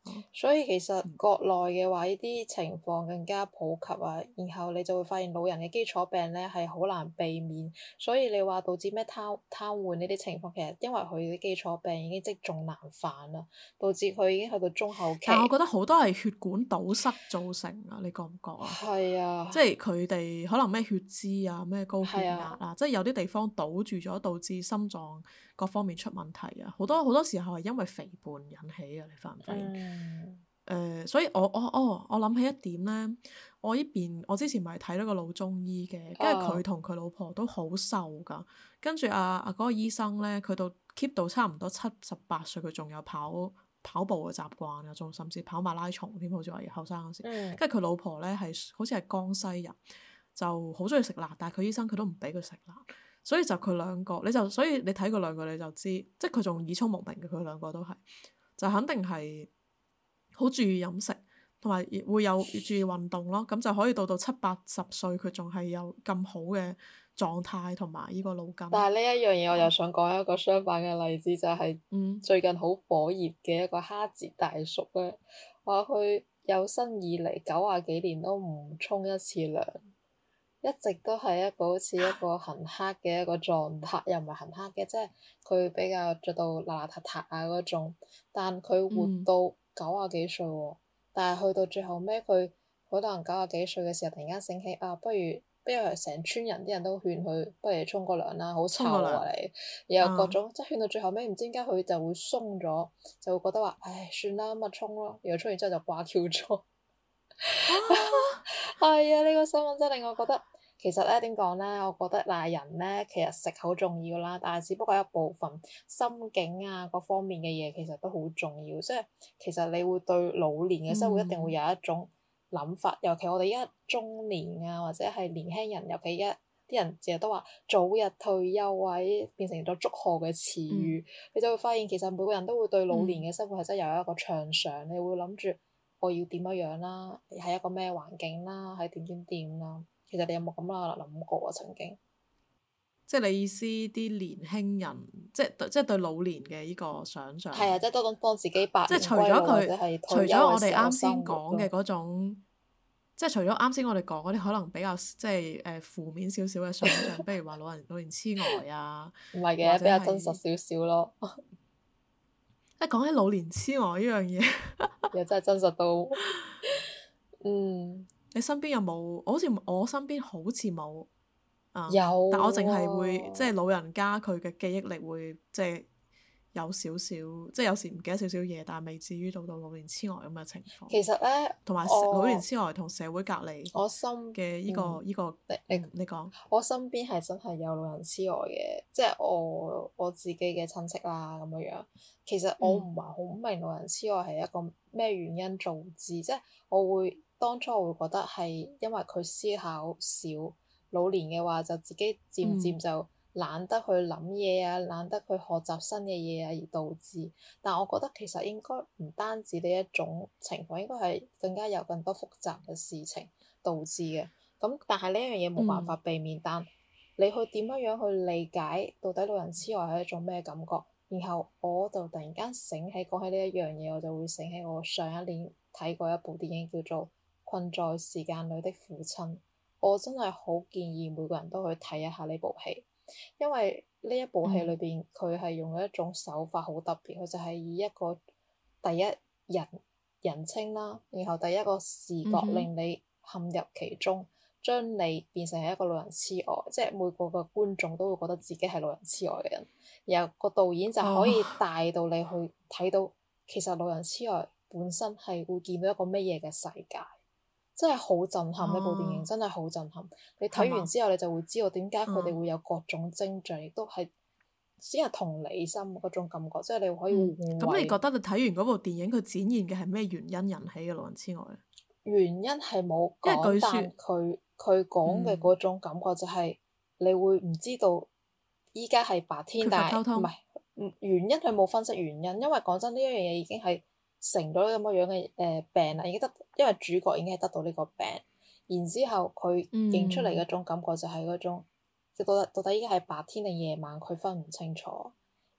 嗯、所以其實國內嘅話，呢啲情況更加普及啊，然後你就會發現老人嘅基礎病咧係好難避免，所以你話導致咩癱癱瘓呢啲情況，其實因為佢啲基礎病已經積重難返啦，導致佢已經去到中後期。但我覺得好多係血管堵塞造成啊，你覺唔覺啊？係啊，即係佢哋可能咩血脂啊、咩高血壓啊，啊即係有啲地方堵住咗，導致心臟各方面出問題啊，好多好多時候係因為肥胖引起啊，你發唔發現？嗯誒、嗯呃，所以我我、哦、我我諗起一點咧，我依邊我之前咪睇到個老中醫嘅，他跟住佢同佢老婆都好瘦噶，跟住啊啊嗰、那個醫生咧，佢到 keep 到差唔多七十八歲，佢仲有跑跑步嘅習慣啊，仲甚至跑馬拉松添、嗯，好似話後生嗰時。跟住佢老婆咧係好似係江西人，就好中意食辣，但係佢醫生佢都唔俾佢食辣，所以就佢兩個，你就所以你睇佢兩個你就知，即係佢仲耳聰目明嘅，佢兩個都係，就肯定係。好注意飲食，同埋會有會注意運動咯，咁就可以到到七八十歲，佢仲係有咁好嘅狀態同埋呢個腦筋。但係呢一樣嘢，我又想講一個相反嘅例子，嗯、就係最近好火熱嘅一個蝦節大叔咧，話佢有生以嚟九啊幾年都唔沖一次涼，一直都係一個好似一個行乞嘅一個狀態，又唔係行乞嘅，即係佢比較着到邋邋遢遢啊嗰種，但佢活到、嗯。九啊幾歲喎，但係去到最後尾，佢好多人九啊幾歲嘅時候突然間醒起啊，不如不如成村人啲人都勸佢，不如你沖個涼啦，好臭落嚟！了」然後各種、啊、即係勸到最後尾，唔知點解佢就會鬆咗，就會覺得話唉算啦，咪沖咯，然後沖完之後就掛尿咗。係 [LAUGHS] 啊，呢、 [LAUGHS] 哎呢個新聞真係令我覺得。其實咧點講咧，我覺得嗱人咧，其實食好重要啦。但係只不過一部分心境啊各方面嘅嘢，其實都好重要。即係其實你會對老年嘅生活一定會有一種諗法，嗯、尤其我哋而家中年啊，或者係年輕人，尤其而家啲人成日都話早日退休啊，依變成咗祝賀嘅詞語，嗯、你就會發現其實每個人都會對老年嘅生活係真係有一個暢想，嗯、你會諗住我要點樣樣、啊、啦，係一個咩環境啦、啊，係點點點啦。其實你有冇咁啦諗過啊？曾經，即係你意思啲年輕人，即係即係對老年嘅呢個想象係啊， [MUSIC] 即係當當自己白即係除咗佢，除咗我哋啱先講嘅嗰種，種 [MUSIC] 即係除咗啱先我哋講嗰啲可能比較即係誒負面少少嘅想象， [LAUGHS] 比如話老人老年痴呆啊，唔係嘅，比較真實少少咯。一 [LAUGHS] 講起老年痴呆呢樣嘢， [LAUGHS] 又真係真實到，嗯。你身邊有冇？我好似我身邊好似冇啊，有啊，但我淨係會即係、就是、老人家佢嘅記憶力會即係、就是、有少少，即、就、係、是、有時唔記得少少嘢，但係未至於到到老年痴呆咁嘅情況。其實咧，同埋有我老年痴呆同社會隔離、這個、我心嘅依個依個，嗯、你你說你講。我身邊係真係有老人痴呆嘅，即、就、係、是、我我自己嘅親戚啦咁樣。其實我唔係好明老人痴呆係一個咩原因造致，嗯、即係我會。當初我會覺得係因為佢思考少，老年嘅話就自己漸漸就懶得去諗嘢啊，懶得去學習新嘅嘢啊，而導致。但我覺得其實應該唔單止呢一種情況，應該係更加有更多複雜嘅事情導致嘅。咁但係呢一樣嘢冇辦法避免，嗯、但你去點樣樣去理解到底老人痴呆係一種咩感覺？然後我就突然間醒起講起呢一樣嘢，我就會醒起我上一年睇過一部電影叫做困在時間裏的父親，我真係好建議每個人都去睇一下呢部戲，因為呢一部戲裏邊佢係用一種手法好特別，佢就係以一個第一人人稱啦，然後第一個視角令你陷入其中，嗯嗯將你變成係一個老人痴呆，即係每個嘅觀眾都會覺得自己係老人痴呆嘅人，然後個導演就可以帶到你去睇到、哦、其實老人痴呆本身係會見到一個乜嘢嘅世界。真係好震撼呢部電影，啊、真係好震撼。你睇完之後，嗎你就會知道點解佢哋會有各種精進，亦、嗯、都係只係同理心嗰種感覺，嗯、即係你可以咁你覺得你睇完嗰部電影，佢展現嘅係咩原因引起嘅老人痴呆？原因係冇，因為據説佢佢講嘅嗰種感覺就係你會唔知道依家係白天，嗯、但係唔係原因佢冇分析原因，因為講真呢一樣嘢已經係。成咗咁樣樣嘅誒病啦，已經得，因為主角已經係得到呢個病，然之後佢影出嚟，嗰種感覺就係嗰種，嗯、到底到底依家係白天定夜晚，佢分唔清楚。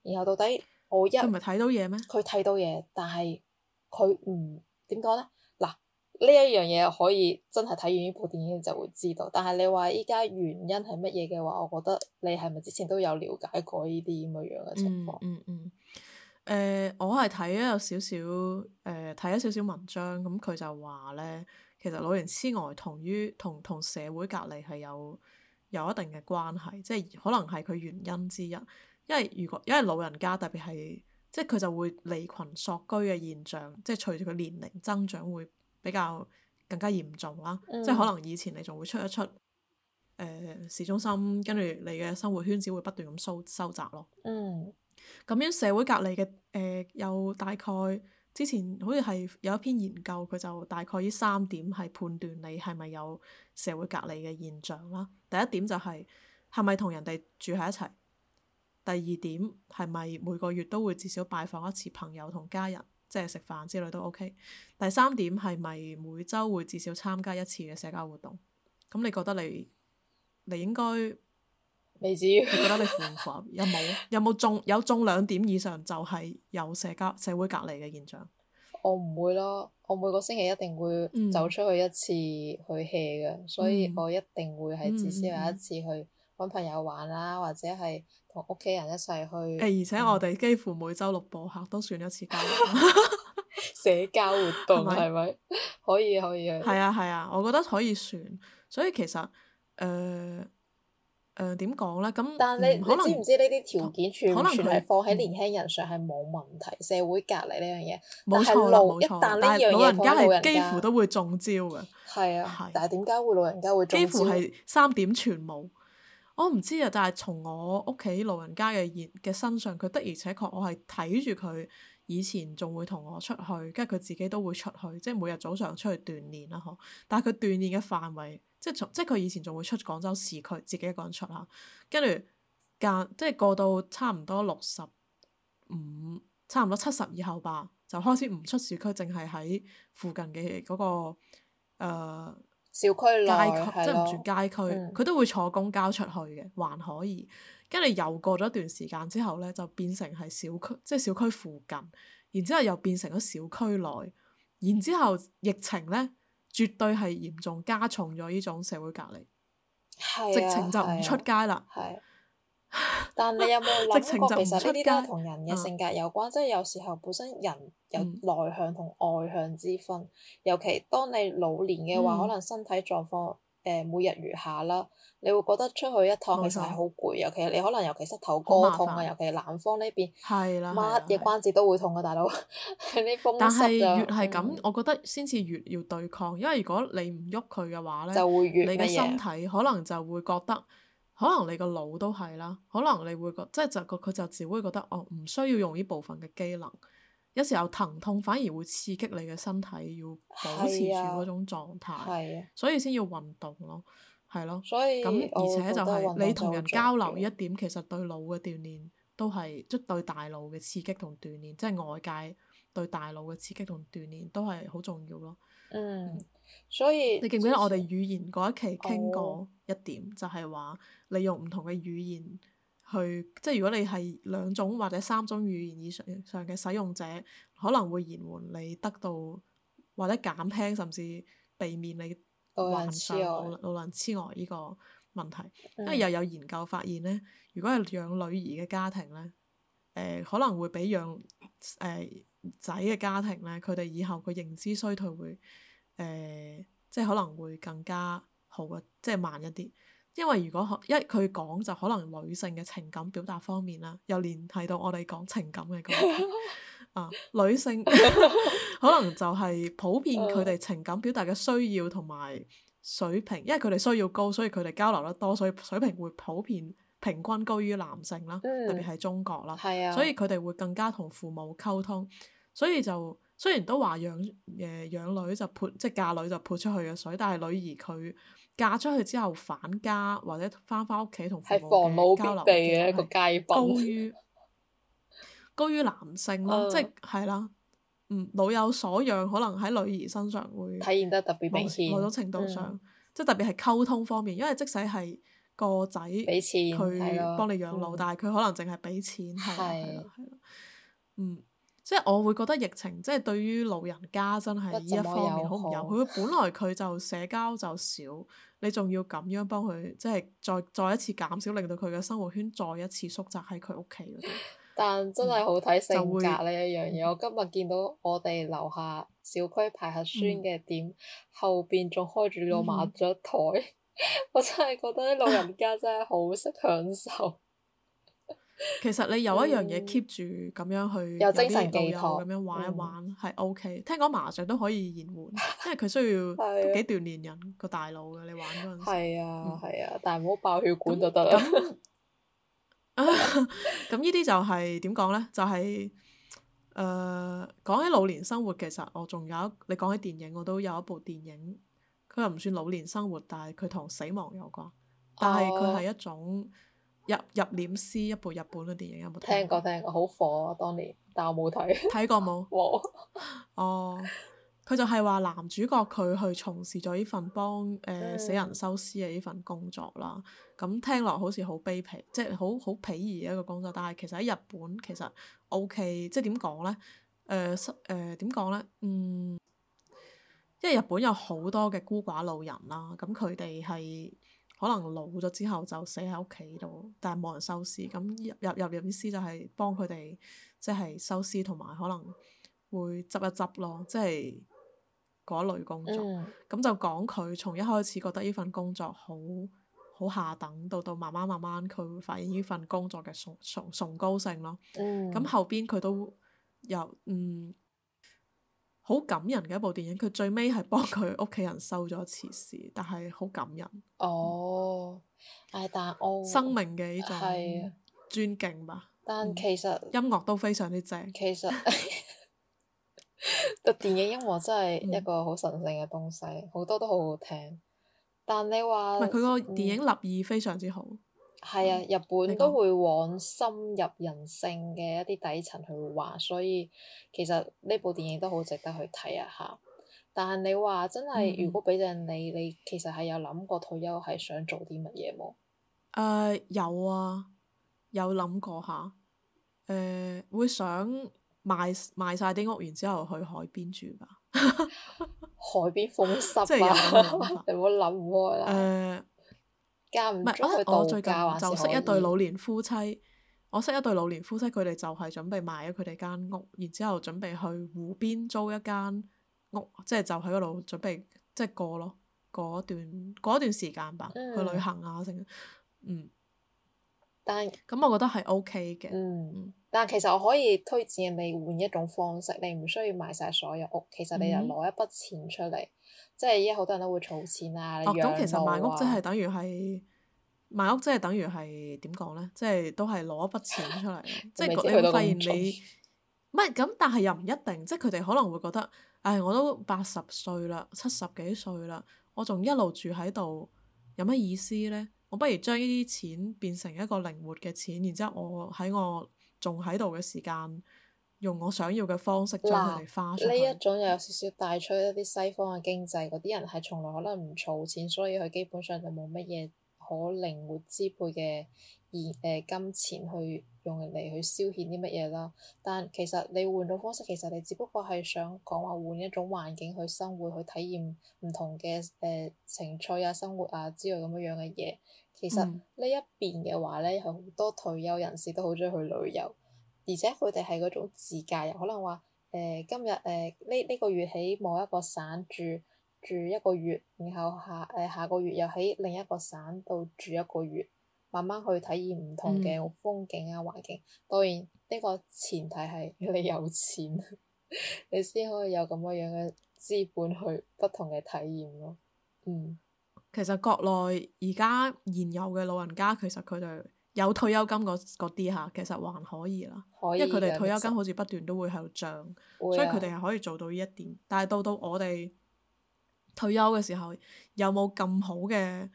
然後到底我一佢唔係睇到嘢咩？佢睇到嘢，但係佢唔點講咧？嗱、嗯，呢一樣嘢可以真係睇完呢部電影就會知道。但係你話依家原因係乜嘢嘅話，我覺得你係咪之前都有了解過呢啲咁樣樣嘅情況？嗯嗯。嗯嗯誒，uh, 我係睇咗有少少，誒，睇咗少少文章，咁佢就話咧，其實老人痴呆同於同同社會隔離係有有一定嘅關係，即係可能係佢原因之一。因為如果因為老人家特別係，即係佢就會離群索居嘅現象，即係隨住佢年齡增長會比較更加嚴重啦。嗯、即係可能以前你仲會出一出，誒、呃，市中心，跟住你嘅生活圈子會不斷咁收收窄咯。嗯。咁樣社會隔離嘅，誒，有、呃、大概之前好似係有一篇研究，佢就大概呢三點係判斷你係咪有社會隔離嘅現象啦。第一點就係係咪同人哋住喺一齊？第二點係咪每個月都會至少拜訪一次朋友同家人，即係食飯之類都 OK。第三點係咪每週會至少參加一次嘅社交活動？咁你覺得你你應該？未至於， [LAUGHS] 你覺得你符合有冇？有冇中？有中兩點以上就係有社交社會隔離嘅現象。我唔會啦，我每個星期一定會走出去一次去 hea 嘅，嗯、所以我一定會係至少有一次去搵朋友玩啦，嗯、或者係同屋企人一齊去。誒，而且我哋幾乎每週六補客都算一次交流，社交 [LAUGHS] 活動係咪？可以，可以啊。係啊的，係啊，我覺得可以算。所以其實。誒。呃誒點講咧？咁、呃、但你可能你知唔知呢啲條件全部係放喺年輕人上係冇問題，嗯、社會隔離呢樣嘢，冇錯，但係路一旦老人家係幾乎都會中招嘅。係啊，是但係點解會老人家會中招幾乎係三點全冇？我唔知啊，但係從我屋企老人家嘅言嘅身上，佢的而且確，我係睇住佢以前仲會同我出去，跟住佢自己都會出去，即係每日早上出去鍛鍊啦。嗬，但係佢鍛鍊嘅範圍。即係從即佢以前仲會出廣州市區，自己一個人出嚇，跟住間即係過到差唔多六十五，差唔多七十以後吧，就開始唔出市區，淨係喺附近嘅嗰、那個誒、呃、小區內，區的即唔住街區。佢的都會坐公交出去嘅，還可以。跟住又過咗一段時間之後咧，就變成係小區，即、就是、小區附近。然之後又變成咗小區內。然之後疫情咧。絕對係嚴重加重咗呢種社會隔離，啊、直情就唔出街啦、啊啊。但你有冇直情就唔出街？呢啲都係同人嘅性格有關，啊、即係有時候本身人有內向同外向之分，嗯、尤其當你老年嘅話，嗯、可能身體狀況。誒每日如下啦，你會覺得出去一趟其實係好攰，尤其你可能尤其膝頭哥痛啊，尤其南方呢邊係啦，乜嘢關節都會痛啊，大佬。的 [LAUGHS] 但係越係咁，嗯、我覺得先至越要對抗，因為如果你唔喐佢嘅話咧，就會越你嘅身體可能就會覺得，可能你個腦都係啦，可能你會覺得即係就佢就只會覺得哦，唔需要用呢部分嘅機能。有時候疼痛反而會刺激你嘅身體，要保持住嗰種狀態，啊啊、所以先要運動咯，係咯。咁以而且就係、係、你同人交流一點，其實對腦嘅鍛煉都係即對大腦嘅刺激同鍛煉，即外界對大腦嘅刺激同鍛煉都係好重要咯。嗯，所以，嗯、所以你記唔記得我哋語言嗰一期傾過一點，哦、就係話你用唔同嘅語言。去即係如果你係兩種或者三種語言以上上嘅使用者，可能會延緩你得到或者減輕甚至避免你患上老老年痴呆、呃、呢、呃、個問題。嗯、因為又有研究發現咧，如果係養女兒嘅家庭咧，誒、呃、可能會比養誒仔嘅家庭咧，佢哋以後佢認知衰退會誒、呃、即係可能會更加好嘅，即係慢一啲。因為如果一佢講就可能女性嘅情感表達方面啦，又聯繫到我哋講情感嘅嗰個啊，女性 [LAUGHS] [LAUGHS] 可能就係普遍佢哋情感表達嘅需要同埋水平，因為佢哋需要高，所以佢哋交流得多，所以水平會普遍平均高於男性啦，嗯、特別係中國啦，啊、所以佢哋會更加同父母溝通，所以就雖然都話養誒養女就潑即嫁女就潑出去嘅水，但係女兒佢，嫁出去之後返家或者翻翻屋企同父母交流嘅，一個階段，高於高於男性咯，即係係啦，嗯，老有所養可能喺女兒身上會體現得特別明顯，某種程度上，即係特別係溝通方面，因為即使係個仔俾錢佢幫你養老，但係佢可能淨係俾錢，係咯，係咯，嗯。即係我會覺得疫情即係對於老人家真係呢一方面好唔友好。佢本來佢就社交就少，你仲要咁樣幫佢，即係再再一次減少，令到佢嘅生活圈再一次縮窄喺佢屋企嗰度。但真係好睇性格呢會一樣嘢。我今日見到我哋樓下小區排核酸嘅點、嗯、後邊仲開住個麻雀台，嗯、 [LAUGHS] 我真係覺得啲老人家真係好識享受。 [LAUGHS] 其實你有一樣嘢，keep 住咁樣去有精神寄託，咁樣玩一玩係 O K。聽講麻雀都可以延緩， [LAUGHS] 因為佢需要幾鍛煉人個 [LAUGHS] 大腦㗎。你玩嗰陣時係啊係啊，但係唔好爆血管、 [LAUGHS] [LAUGHS] [LAUGHS] 啊、就得、是、啦。咁呢啲就係點講咧？就係、是、誒、講、呃、起老年生活，其實我仲有一，你講起電影，我都有一部電影，佢又唔算老年生活，但係佢同死亡有關，但係佢係一種。哎入入殮師，一部日本嘅電影，有冇睇過？聽過聽過，好火啊，當年，但我冇睇。睇過冇？冇哇。哦。佢就係話男主角佢去從事咗呢份幫誒、呃、死人收屍嘅呢份工作啦。咁、嗯、聽落好似好卑鄙，即係好好鄙夷嘅一個工作。但係其實喺日本其實 O、OK, K，即係點講咧？誒、呃，失誒點講咧？嗯，因為日本有好多嘅孤寡老人啦，咁佢哋係。可能老咗之後就死喺屋企度，但係冇人收屍。咁入入入殮師就係幫佢哋，即係收屍同埋可能會執一執咯，即係嗰類工作。咁、嗯、就講佢從一開始覺得呢份工作好好下等，到到慢慢慢慢佢會發現呢份工作嘅崇崇崇高性咯。咁、嗯、後邊佢都有。嗯。好感人嘅一部電影，佢最尾係幫佢屋企人收咗黐事，但係好感人。哦，唉，但係生命嘅呢種尊敬吧。但其實、嗯、音樂都非常之正。其實，個 [LAUGHS] [LAUGHS] [LAUGHS] 電影音樂真係一個好神聖嘅東西，好、嗯、多都好好聽。但你話佢個電影立意非常之好。係啊，嗯、日本都會往深入人性嘅一啲底層去畫，所以其實呢部電影都好值得去睇啊！下但係你話真係，如果俾人你，嗯、你其實係有諗過退休係想做啲乜嘢冇？誒、呃，有啊，有諗過吓，誒、呃，會想賣賣晒啲屋，然之後去海邊住吧， [LAUGHS] 海邊風濕啊， [LAUGHS] 你唔好諗唔開啦。呃唔？唔係，我我最近就識一、嗯、識一對老年夫妻，我識一對老年夫妻，佢哋就係準備賣咗佢哋間屋，然之後準備去湖邊租一間屋，即係就喺嗰度準備即係、就係、過咯，嗰段過一段時間吧，嗯、去旅行啊剩，嗯，但咁我覺得係 O K 嘅。嗯但係其實我可以推薦你換一種方式，你唔需要賣晒所有屋，其實你就攞一筆錢出嚟，嗯、即係而家好多人都會儲錢啦、啊。咁、哦啊哦、其實賣屋即係等於係賣屋即，即係等於係點講咧？即係都係攞一筆錢出嚟，即係你會發現你乜咁？但係又唔一定，即係佢哋可能會覺得，唉、哎，我都八十歲啦，七十幾歲啦，我仲一路住喺度，有乜意思咧？我不如將呢啲錢變成一個靈活嘅錢，然之後我喺我。仲喺度嘅時間，用我想要嘅方式將佢哋花出去。呢、啊、一種又有少少帶出一啲西方嘅經濟，嗰啲人係從來可能唔儲錢，所以佢基本上就冇乜嘢可靈活支配嘅現誒金錢去。用嚟去消遣啲乜嘢啦，但其實你換咗方式，其實你只不過係想講話，換一種環境去生活，去體驗唔同嘅誒、呃、情趣啊、生活啊之類咁樣樣嘅嘢。其實呢一、嗯、邊嘅話咧，好多退休人士都好中意去旅遊，而且佢哋係嗰種自駕遊，可能話誒、呃、今日誒呢呢個月喺某一個省住住一個月，然後下誒、呃、下個月又喺另一個省度住一個月。慢慢去體驗唔同嘅風景啊、嗯、環境，當然呢、呢個前提係你有錢，嗯、 [LAUGHS] 你先可以有咁樣嘅資本去不同嘅體驗咯。嗯，其實國內而家現有嘅老人家，其實佢哋有退休金嗰啲吓，其實還可以啦，以因為佢哋退休金好似不斷都會喺度漲，就所以佢哋係可以做到呢一點。啊、但係到到我哋退休嘅時候，有冇咁好嘅？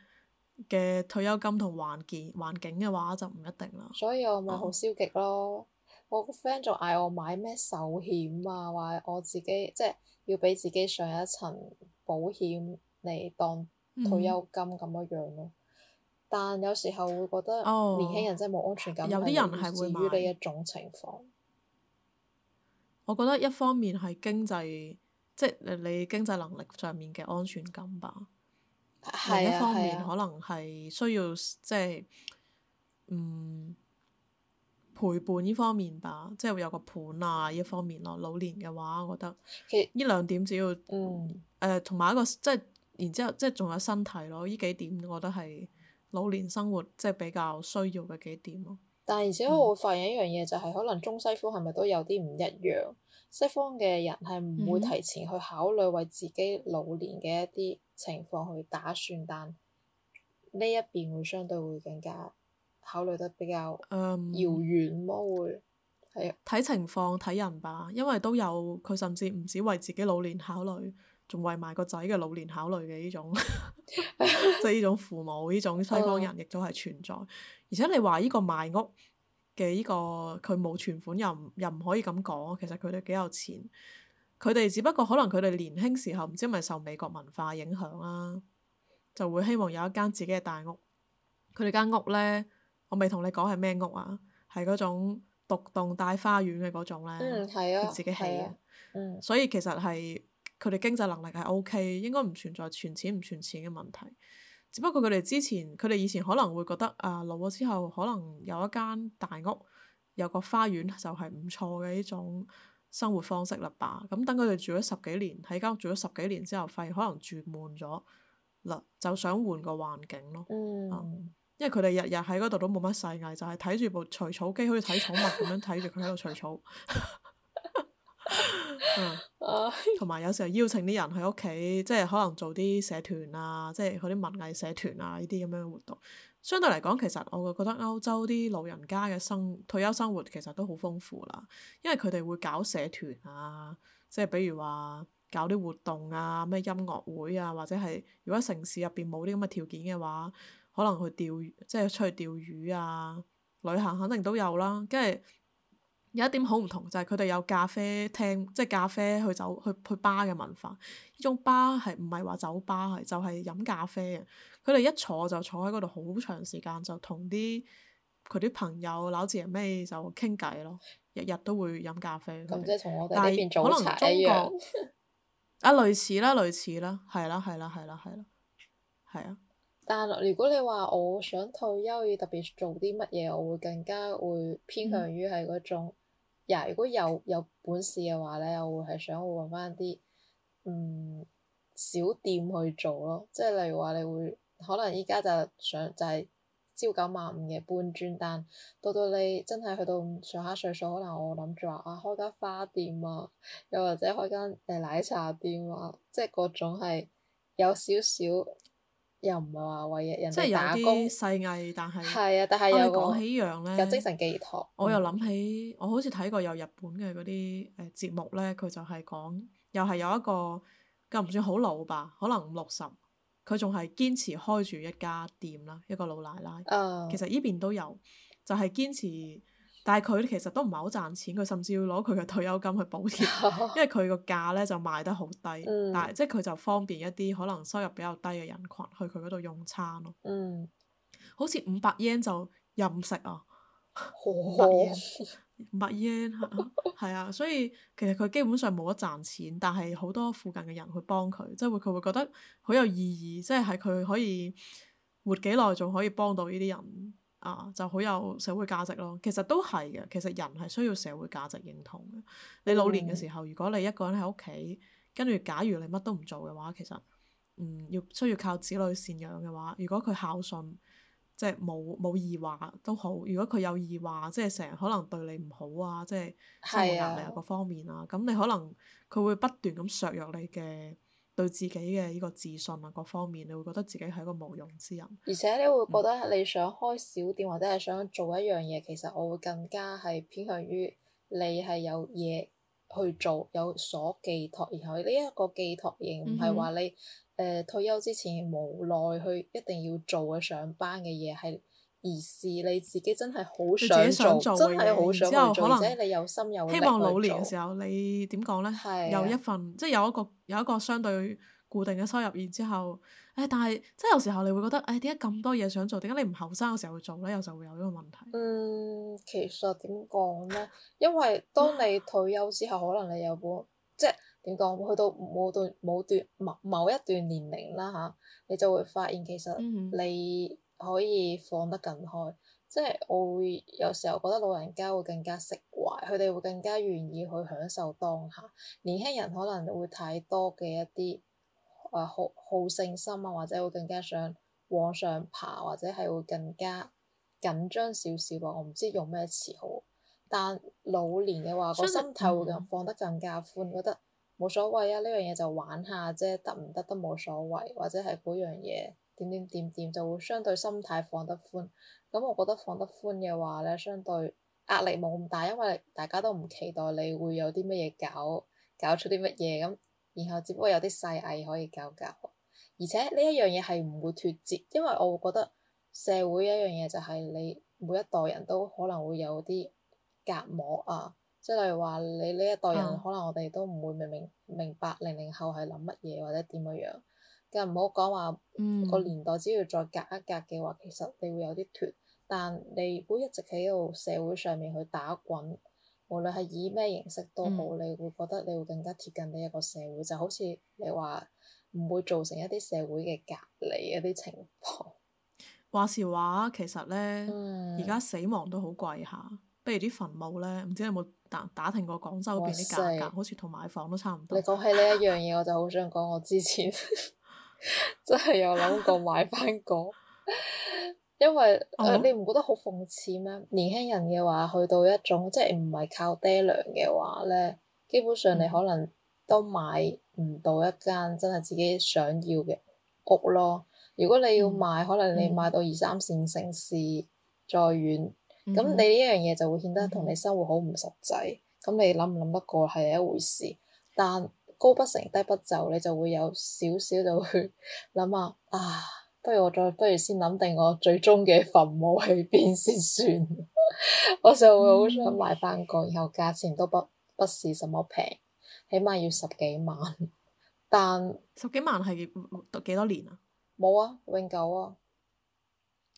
嘅退休金同環境環境嘅話就唔一定啦，所以我咪好消極咯。嗯、我個 friend 仲嗌我買咩壽險啊，話我自己即係要俾自己上一層保險嚟當退休金咁樣樣咯。嗯、但有時候會覺得年輕人真係冇安全感、哦，有啲人係會買。處於呢一種情況。我覺得一方面係經濟，即係你經濟能力上面嘅安全感吧。另一方面，啊啊、可能係需要即係、就是，嗯陪伴呢方面吧，即係會有個伴啊，呢方面咯、啊。老年嘅話，我覺得，呢兩其實點主要，誒同埋一個即係，然之後即係仲有身體咯。呢幾點，我覺得係老年生活即係比較需要嘅幾點咯、啊。但係而且我會發現一樣嘢、嗯、就係，可能中西方係咪都有啲唔一樣？西方嘅人係唔會提前去考慮為自己老年嘅一啲、嗯。情況去打算，但呢一邊會相對會更加考慮得比較遙遠咯。Um, 會係啊，睇情況睇人吧，因為都有佢甚至唔止為自己老年考慮，仲為埋個仔嘅老年考慮嘅呢種， [LAUGHS] [LAUGHS] 即係呢種父母呢種西方人亦都係存在。 [LAUGHS] 而且你話呢個賣屋嘅呢個佢冇存款，又又唔可以咁講，其實佢都幾有錢。佢哋只不過可能佢哋年輕時候唔知係咪受美國文化影響啦、啊，就會希望有一間自己嘅大屋。佢哋間屋咧，我未同你講係咩屋啊，係嗰種獨棟帶花園嘅嗰種咧。嗯，係啊，佢自己起嘅。嗯。所以其實係佢哋經濟能力係 OK，應該唔存在存錢唔存錢嘅問題。只不過佢哋之前佢哋以前可能會覺得啊，老咗之後，可能有一間大屋，有個花園就係唔錯嘅呢種生活方式啦吧，咁等佢哋住咗十幾年喺間屋住咗十幾年之後，發現可能住悶咗啦，就想換個環境咯。Mm. 嗯、因為佢哋日日喺嗰度都冇乜細藝，就係睇住部除草機，好似睇寵物咁樣睇住佢喺度除草。同埋、 [LAUGHS] [LAUGHS] 嗯、有，有時候邀請啲人喺屋企，即係可能做啲社團啊，即係嗰啲文藝社團啊呢啲咁樣嘅活動。相對嚟講，其實我會覺得歐洲啲老人家嘅生退休生活其實都好豐富啦，因為佢哋會搞社團啊，即係比如話搞啲活動啊，咩音樂會啊，或者係如果城市入邊冇啲咁嘅條件嘅話，可能去釣，即係出去釣魚啊，旅行肯定都有啦，跟住。有一點好唔同就係佢哋有咖啡廳，即係咖啡去酒去酒去酒吧嘅文化。呢種吧係唔係話酒吧係，就係、係、飲咖啡嘅。佢哋一坐就坐喺嗰度好長時間就，就同啲佢啲朋友老攬住嚟，就傾偈咯。日日都會飲咖啡。咁即係同我哋呢邊做茶一樣。啊， [LAUGHS] 類似啦，類似啦，係啦，係啦，係啦，係啦，係啊。但係如果你話我想退休要特別做啲乜嘢，我會更加會偏向於係嗰種。嗯如果有有本事嘅話咧，又會係想揾翻啲嗯小店去做咯。即係例如話，你會可能依家就想就係、是、朝九晚五嘅搬磚，但到到你真係去到上下歲數，可能我諗住話啊開間花店啊，又或者開間奶茶店啊，即係各種係有少少。又唔係話為人即係有啲細藝，但係係啊！但係講起呢樣咧，有精神寄託。我又諗起，我好似睇過有日本嘅嗰啲誒節目咧，佢就係講又係有一個，又唔算好老吧，可能五六十，佢仲係堅持開住一家店啦，一個老奶奶。哦、其實呢邊都有，就係、係、堅持。但係佢其實都唔係好賺錢，佢甚至要攞佢嘅退休金去補貼，因為佢個價咧就賣得好低。 [LAUGHS] 嗯、但係即係佢就方便一啲可能收入比較低嘅人群去佢嗰度用餐咯。嗯、好似五百 yen 就任食啊，五百 yen，五百 yen，係啊。所以其實佢基本上冇得賺錢，但係好多附近嘅人去幫佢，即係會佢會覺得好有意義，即係係佢可以活幾耐仲可以幫到呢啲人。啊，就好有社會價值咯。其實都係嘅。其實人係需要社會價值認同嘅。嗯、你老年嘅時候，如果你一個人喺屋企，跟住假如你乜都唔做嘅話，其實嗯要需要靠子女贍養嘅話，如果佢孝順，即係冇冇異話都好；如果佢有異話，即係成日可能對你唔好啊，嗯、即係生活壓力啊各方面啊，咁的你可能佢會不斷咁削弱你嘅。對自己嘅呢個自信啊，各方面你會覺得自己係一個無用之人。而且你會覺得你想開小店或者係想做一樣嘢，其實我會更加係偏向於你係有嘢去做，有所寄託。然後呢一個寄託型唔係話你誒、Mm-hmm. 呃、退休之前無奈去一定要做嘅上班嘅嘢係。而是你自己真係好想做，自己想做真係好想做，之後可能即係你有心有力希望老年嘅時候，你點講咧？係的有一份，即係有一個有一個相對固定嘅收入，然之後，誒、哎，但係即係有時候你會覺得，誒、哎，點解咁多嘢想做？點解你唔後生嘅時候會做咧？有時候會有呢個問題。嗯，其實點講咧？因為當你退休之後， [LAUGHS] 可能你又會即係點講？去到某段某段某某一段年齡啦嚇，你就會發現其實你。 [LAUGHS] 可以放得更開，即係我會有時候覺得老人家會更加釋懷，佢哋會更加願意去享受當下。年輕人可能會太多嘅一啲、啊、好好勝心啊，或者會更加想往上爬，或者係會更加緊張少少啊。我唔知用咩詞好，但老年嘅話，個心態會更放得更加寬，覺得冇所謂啊。呢樣嘢就玩下啫，得唔得都冇所謂，或者係嗰樣嘢。點點點點就會相對心態放得寬，咁我覺得放得寬嘅話呢，相對壓力冇咁大，因為大家都唔期待你會有啲乜嘢搞，搞出啲乜嘢咁，然後只不過有啲細藝可以搞搞。而且呢一樣嘢係唔會脱節，因為我會覺得社會一樣嘢就係你每一代人都可能會有啲隔膜啊，即係例如話你呢一代人、嗯、可能我哋都唔會明明明白零零後係諗乜嘢或者點樣樣。又唔好講話個年代，只要再隔一隔嘅話，嗯、其實你會有啲脱。但你如果一直喺度社會上面去打滾，無論係以咩形式都好，嗯、你會覺得你會更加貼近呢一個社會。就好似你話唔會造成一啲社會嘅隔離一啲情況。話時話，其實呢，而家、嗯、死亡都好貴下，不如啲墳墓呢，唔知你有冇打打聽過廣州嗰邊啲價格？塞好似同買房都差唔多。你講起呢一樣嘢，我就好想講我之前。 [LAUGHS] [LAUGHS] 真係有諗過買翻個， [LAUGHS] 因為、uh oh. 呃、你唔覺得好諷刺咩？年輕人嘅話去到一種即係唔係靠爹娘嘅話呢，基本上你可能都買唔到一間真係自己想要嘅屋咯。如果你要買，可能你買到二三線城市再遠，咁、mm hmm. 你呢樣嘢就會顯得同你生活好唔實際。咁、mm hmm. 你諗唔諗得過係一回事，但。高不成低不就，你就會有少少就會諗啊，啊，不如我再不如先諗定我最終嘅墳墓喺邊先算， [LAUGHS] 我就會好想買返個，然後價錢都不不是什麼平，起碼要十幾萬。但十幾萬係幾多年啊？冇啊，永久啊！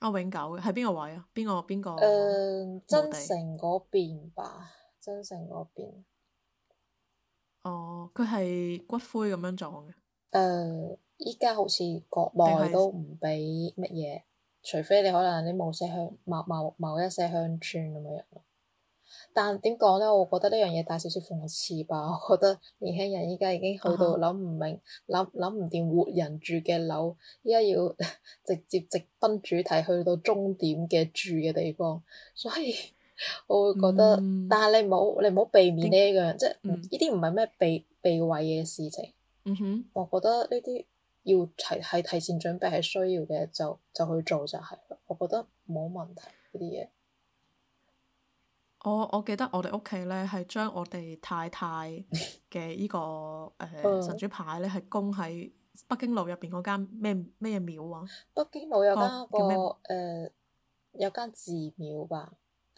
啊、哦，永久嘅係邊個位啊？邊個邊個？誒，增城嗰邊吧，增城嗰邊。哦，佢係骨灰咁樣葬嘅。誒、呃，依家好似國內是都唔俾乜嘢，除非你可能你冇些鄉某某某一些鄉村咁樣咯。但點講咧？我覺得呢樣嘢帶少少諷刺吧。我覺得年輕人依家已經去到諗唔明，諗諗唔掂活人住嘅樓，依家要 [LAUGHS] 直接直奔主題去到終點嘅住嘅地方，所以。 [LAUGHS] 我會覺得，嗯、但係你唔好你唔好避免呢個人，嗯、即係呢啲唔係咩避避諱嘅事情，嗯哼我。我覺得呢啲要提係提前準備係需要嘅，就就去做就係，我覺得冇問題呢啲嘢。我我記得我哋屋企咧係將我哋太太嘅呢，這個誒、 [LAUGHS] 呃、神主牌咧係供喺北京路入邊嗰間咩咩廟啊？北京路有間叫咩誒、呃、有間寺廟吧？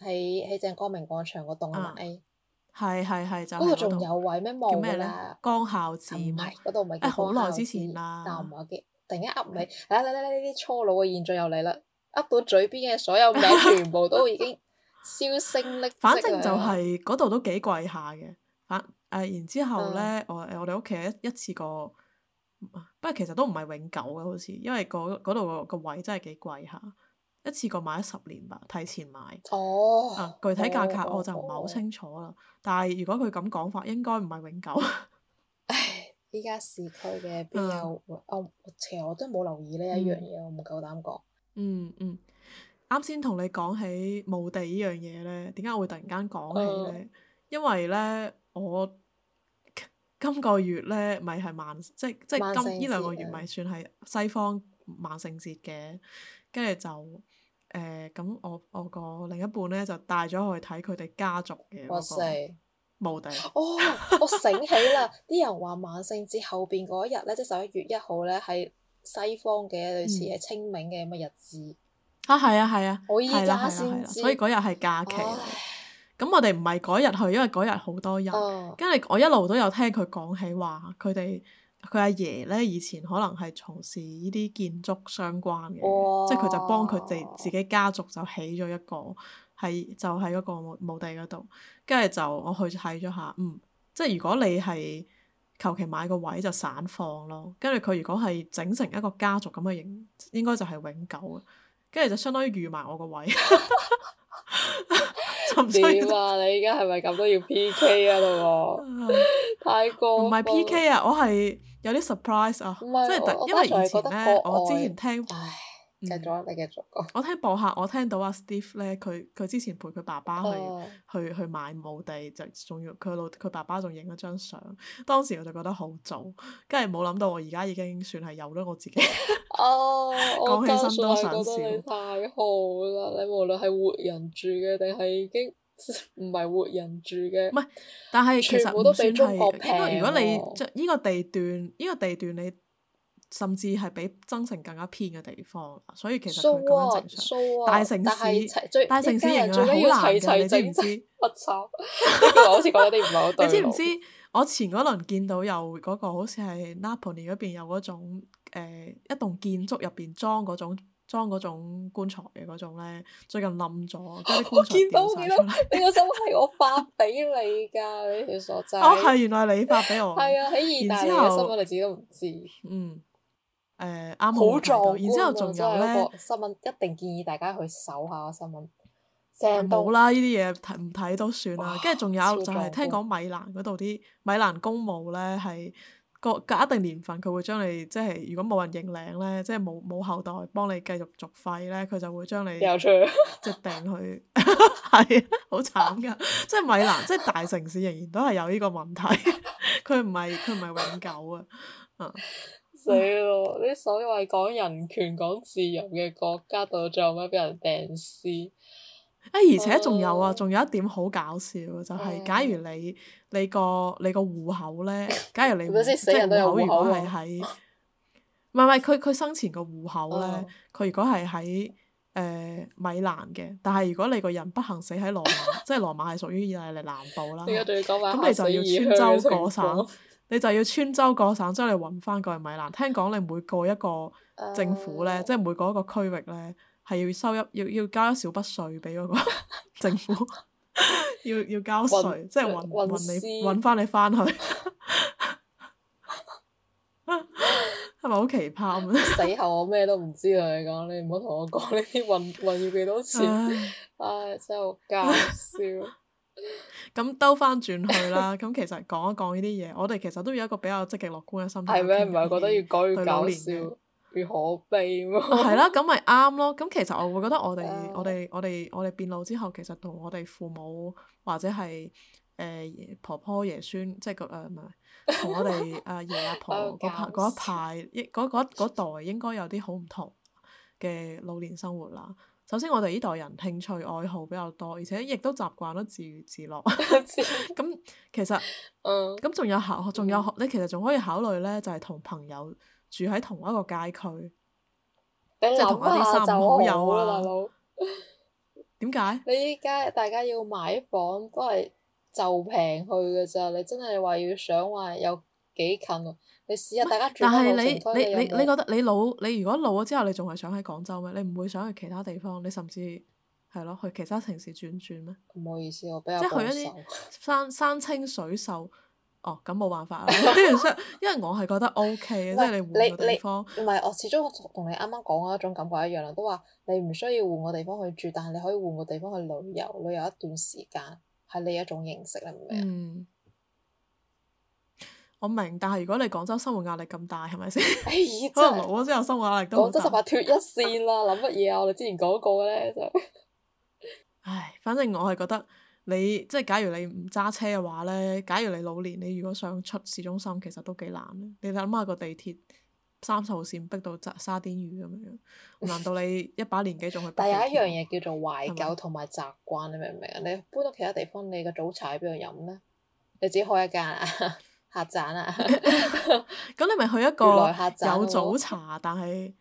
喺喺正光明廣場嗰棟 A，係係係，嗰度仲有位咩？叫咩咧？江孝慈，唔係嗰度，唔係好耐之前啦。但係、啊、我突然間噏你，嚟嚟嚟呢啲初老嘅現象又嚟啦！噏到嘴邊嘅所有名， [LAUGHS] 全部都已經消聲匿。反正就係嗰度都幾貴下嘅。反、啊、誒、啊，然之後咧、嗯，我我哋屋企一一次過，不過其實都唔係永久嘅，好似因為嗰度個個位真係幾貴下。一次過買咗十年吧，提前買。哦。啊，具體價格我就唔係好清楚啦。Oh, oh, oh. 但係如果佢咁講法，應該唔係永久。唉 [LAUGHS] 哎，依家市區嘅邊有？嗯哦啊、我其實我都冇留意呢一樣嘢，嗯、我唔夠膽講。嗯嗯。啱先同你講起墓地呢樣嘢咧，點解我會突然間講起咧？Oh. 因為咧，我今個月咧，咪係萬，即係即係今呢兩個月咪算係西方萬聖節嘅，跟住就。誒咁、呃、我我個另一半咧就帶咗去睇佢哋家族嘅嗰個墓地。哇塞 [LAUGHS] 哦，我醒起啦，啲 [LAUGHS] 人話萬聖節後邊嗰一日咧，即十一月一號咧，係西方嘅類似係清明嘅咁嘅日子。嗯、啊，係啊，係啊，我依家先，所以嗰日係假期。咁唉我哋唔係嗰日去，因為嗰日好多人。跟住唉我一路都有聽佢講起話，佢哋。佢阿爺咧以前可能係從事呢啲建築相關嘅，哇即係佢就幫佢哋自，自己家族就起咗一個，喺就喺嗰個墓墓地嗰度，跟住就我去睇咗下，嗯，即係如果你係求其買個位就散放咯，跟住佢如果係整成一個家族咁嘅形，應該就係永久，跟住就相當於預埋我個位，點啊？你而家係咪咁都要 PK 啊？喎， [LAUGHS] [LAUGHS] 太過唔分係 PK 啊，我係。有啲 surprise 啊，即係特，因為以前咧，我，我之前聽，唉，唔緊要、嗯、你繼續講。我聽播客，我聽到阿、啊、Steve 咧，佢佢之前陪佢爸爸去、oh. 去去買墓地，就仲要佢老佢爸爸仲影咗張相。當時我就覺得好早，跟住冇諗到我而家已經算係有啦，我自己。哦、oh, [LAUGHS] 心，講起身都想笑，覺得你太好啦！你 [LAUGHS] 無論係活人住嘅定係已經。唔係活人住嘅，唔係，但係其實算都算係。應該如果你即依個地段，依、依個地段你甚至係比增城更加偏嘅地方，所以其實咁樣正常。So, so. 大城市，大城市人最好要齊齊，你知唔知？我好似講啲唔係好，你知唔知？我前嗰輪見到有嗰個好似係 Napoli 嗰邊有嗰種、呃、一棟建築入邊裝嗰種。裝嗰種棺材嘅嗰種咧，最近冧咗，跟住棺材跌晒出嚟。你個新聞係我發俾你噶。 [LAUGHS] 你條傻仔。就是、哦，係原來你發俾我。係啊， [LAUGHS] 喺意大利嘅新聞你自己都唔知。嗯。誒、呃，阿蒙。好壯觀。然之後仲有咧，新聞一定建議大家去搜下個新聞。正都。冇啦，呢啲嘢睇唔睇都算啦。跟住仲有就係聽講米蘭嗰度啲米蘭公墓咧係。個，隔一定年份，佢會將你，即係如果冇人認領咧，即係冇冇後代幫你繼續續費咧，佢就會將你有趣 [LAUGHS] 即係掟去，係好慘㗎。即係米蘭，即係 [LAUGHS] 大城市仍然都係有呢個問題。佢唔係佢唔係永久 [LAUGHS] 啊。啊了，死咯、嗯！啲所謂講人權講自由嘅國家，到最後尾俾人掟屍。啊！而且仲有啊，仲、oh. 有一點好搞笑嘅就係、是，假如你你個你個戶口咧，假如你戶口如果係喺，唔係唔係佢佢生前個戶口咧，佢、oh. 如果係喺誒米蘭嘅，但係如果你個人不幸死喺羅馬， [LAUGHS] 即係羅馬係屬於意大利南部啦。咁 [LAUGHS] 你就要穿州過省， [LAUGHS] 你就要穿州過省，將 [LAUGHS] 你揾翻過去米蘭。聽講你每過一個政府咧，oh. 即係每過一個區域咧。係要收一，要要交一小筆稅俾嗰個政府， [LAUGHS] 要要交稅，雲即係運運你，搵翻你翻去，係咪好奇葩？ [LAUGHS] 死後我咩都唔知啊！你講，你唔好同我講呢啲運運要幾多錢，uh, [LAUGHS] 唉，真係好搞笑。咁兜翻轉去啦，咁其實講一講呢啲嘢，我哋其實都有一個比較積極樂觀嘅心態，係咩嗎？唔係覺得越講越搞笑。 [LAUGHS] 越可悲係啦，咁咪啱咯。咁、就是啊、其實我會覺得我哋 Yeah.、我哋、我哋、我哋變老之後，其實同我哋父母或者係誒、呃、婆婆爺孫，即係個誒唔係同我哋阿爺阿婆嗰 [LAUGHS] 一派，嗰嗰一代應該有啲好唔同嘅老年生活啦。首先，我哋依代人興趣愛好比較多，而且亦都習慣都自娛自樂。咁 [LAUGHS] 其實，咁仲、uh. 有考，仲有 [LAUGHS] 你其實仲可以考慮咧，就係、是、同朋友。住喺同一個街區，就同一啲三五好友啊？大佬。點解？ [LAUGHS] 你依家大家要買房都係就平去嘅咋？你真係話要想話有幾近喎？你試下大家住喺邊個城區但係你？你你你覺得你老你如果老咗之後，你仲係想喺廣州咩？你唔會想去其他地方？你甚至係咯，去其他城市轉轉咩？唔好意思，我比較即係去一啲山山清水秀。哦，咁冇辦法咯， [LAUGHS] 因為我係覺得 O K，即係你換個地方，唔係我始終同你啱啱講嗰一種感覺一樣啦，都話你唔需要換個地方去住，但係你可以換個地方去旅遊，旅遊一段時間係你一種認識啦，唔明？嗯，我明，但係如果你廣州生活壓力咁大，係咪先？哎、真 [LAUGHS] 可能我之後生活壓力都廣州就話脫一線啦，諗乜嘢啊？我哋之前講過嘅咧就， [LAUGHS] 唉，反正我係覺得。你即係假如你唔揸車嘅話咧，假如你老年，你如果想出市中心，其實都幾難。你諗下個地鐵三十號線逼到沙甸魚咁樣，難道你一把年紀仲去？ [LAUGHS] 但有一樣嘢叫做懷舊同埋習慣，你明唔明啊？你搬到其他地方，你個早茶喺邊度飲咧？你自己開一間客棧啊？咁你咪去一個有早茶，但係，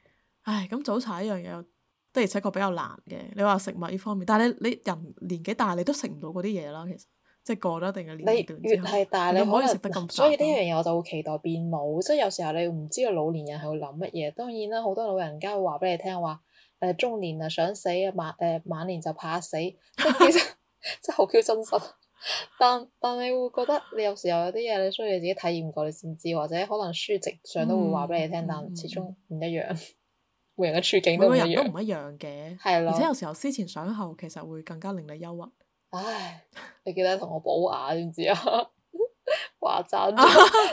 唉，咁早茶呢樣嘢的而且確比較難嘅，你話食物呢方面，但係你你人年紀大，你都食唔到嗰啲嘢啦，其實即係過咗一定嘅年齡段之後，你越係大，你可以你可能食得咁，所以呢樣嘢我就會期待變老。即係有時候你唔知道老年人係會諗乜嘢。當然啦，好多老人家會話俾你聽話，誒、呃、中年啊想死啊，晚誒、呃、晚年就怕死，其實 [LAUGHS] [LAUGHS] 真係好 Q 真實。但但係會覺得你有時候有啲嘢你需要你自己體驗過你先知，或者可能書籍上都會話俾你聽，但始終唔一樣。 [LAUGHS] 每個人嘅處境都唔一樣，的而且有時候思前想後，其實會更加令你憂鬱。唉，你記得同我補牙知唔知啊？話 [LAUGHS] 贊了，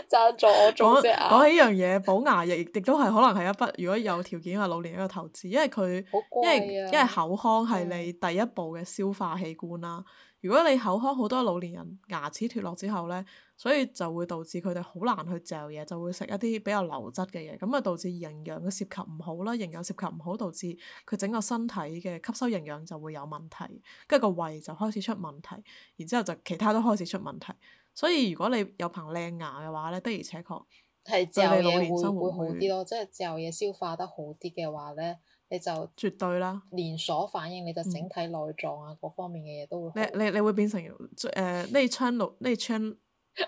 贊助 [LAUGHS] 我做隻 [LAUGHS] 牙。講起呢樣嘢，補牙亦亦都係可能係一筆，如果有條件嘅老年人一個投資，因為佢，因為、啊、因為口腔係你第一步嘅消化器官啦。如果你口腔好多老年人牙齒脱落之後咧。所以就會導致佢哋好難去嚼嘢，就會食一啲比較流質嘅嘢，咁啊導致營養嘅涉及唔好啦，營養涉及唔好，導致佢整個身體嘅吸收營養就會有問題，跟住個胃就開始出問題，然之後就其他都開始出問題。所以如果你有棚靚牙嘅話咧，的而且確，係嚼嘢會會好啲咯，即係嚼嘢消化得好啲嘅話咧，你就絕對啦。連鎖反應，你就整體內臟啊，嗯、各方面嘅嘢都會你。你你你會變成誒呢槍路呢槍？呃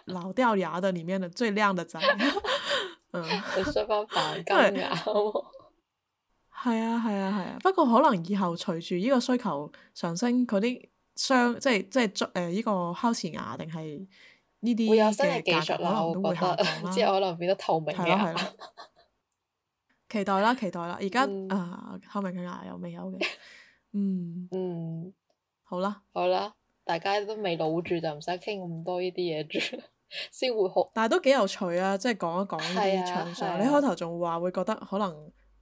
老 [LAUGHS] 掉牙的裏面的最靚的仔， [LAUGHS] 嗯， [LAUGHS] [LAUGHS] 有雙白金牙，係啊係啊係啊，不過可能以後隨住呢個需求上升，佢啲鑲即係即係誒呢個烤瓷、呃這個、牙定係呢啲嘅技術可能會下降啦、啊，之後知可能變得透明嘅牙、啊， [LAUGHS] 期待啦期待啦，而家啊透明嘅牙有未有嘅，嗯嗯，好啦好啦。大家都未老住，就唔使傾咁多呢啲嘢住，先 [LAUGHS] 會好很。但係都幾有趣啊！即係講一講呢啲暢想。啊啊、你開頭仲話會覺得可能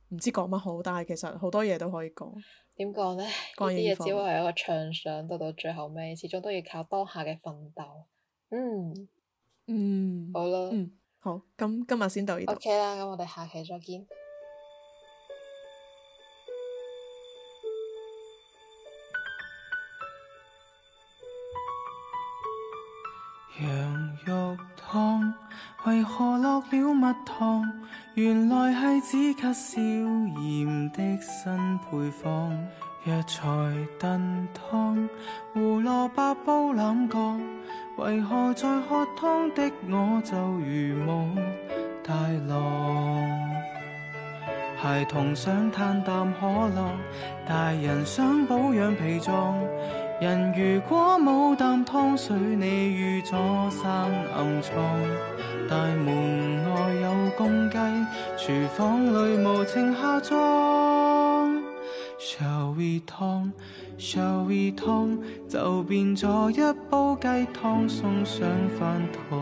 唔知講乜好，但係其實好多嘢都可以講。點講咧？呢啲嘢只會係一個暢想，到到最後尾，始終都要靠當下嘅奮鬥。嗯嗯，了嗯，好 okay，啦，嗯好。咁今日先到呢度。OK 啦，咁我哋下期再見。羊肉湯為何落了蜜糖？原來係止咳消炎的新配方。藥材燉湯，胡蘿蔔煲腩角，為何在喝湯的我就如無大浪？孩童想嘆啖可樂，大人想保養脾臟。人如果冇啖湯水，你如左山暗瘡。大門外有公雞，廚房裏無情下裝。Shall we 湯，Shall we 湯，就變咗一煲雞湯送上飯堂。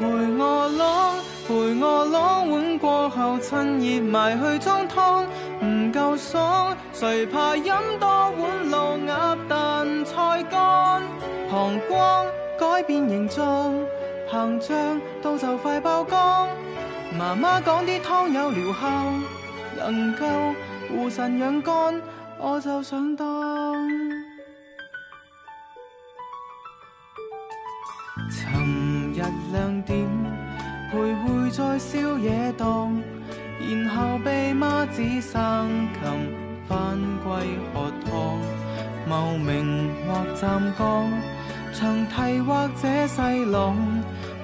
陪我攞，陪我攞碗過後趁熱埋去裝湯。夠爽，誰怕飲多碗老鴨燉菜乾？膀胱改變形狀，膨脹到就快爆缸。媽媽講啲湯有療效，能夠護腎養肝，我就想當。尋日兩點，徘徊在宵夜檔。然後被媽子生擒，返歸學堂，茂名或湛江，長堤或者細朗，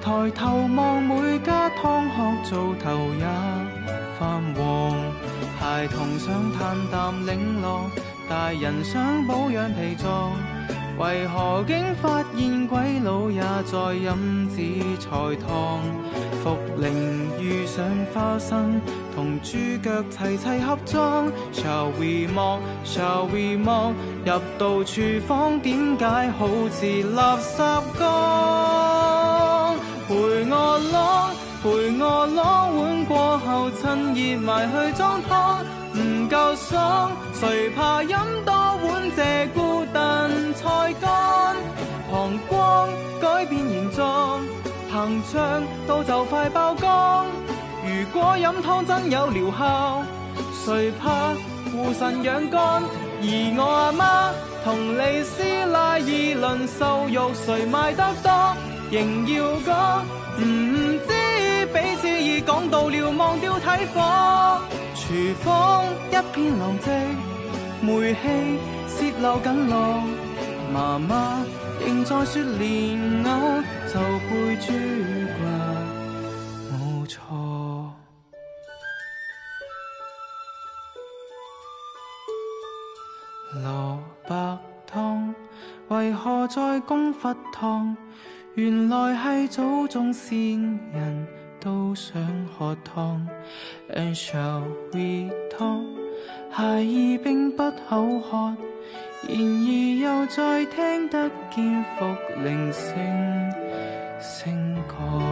抬頭望每家湯殼做頭也泛黃，孩童想淡淡領落，大人想保養皮膚。為何竟發現鬼佬也在飲紫菜湯？茯苓遇上花生同豬腳齊齊合裝。shall we 湯，shall we 湯，入到廚房點解好似垃圾缸？陪我浪，陪我浪，碗過後趁熱埋去裝湯，唔夠爽，誰怕飲多？借孤燉菜乾，膀胱改變形狀，膨脹到就快爆缸。如果飲湯真有療效，誰怕護腎養肝？而我阿媽同李師奶議論瘦肉誰賣得多，仍要講。唔、嗯嗯、知彼此已講到了忘掉睇火，廚房一片狼藉。煤氣泄漏緊落，媽媽仍在説蓮藕就配豬骨，冇錯。蘿蔔湯為何在供佛湯？原來係祖宗先人都想喝湯，Shall we 湯。孩兒並不口渴，然而又再聽得見福鈴聲聲過。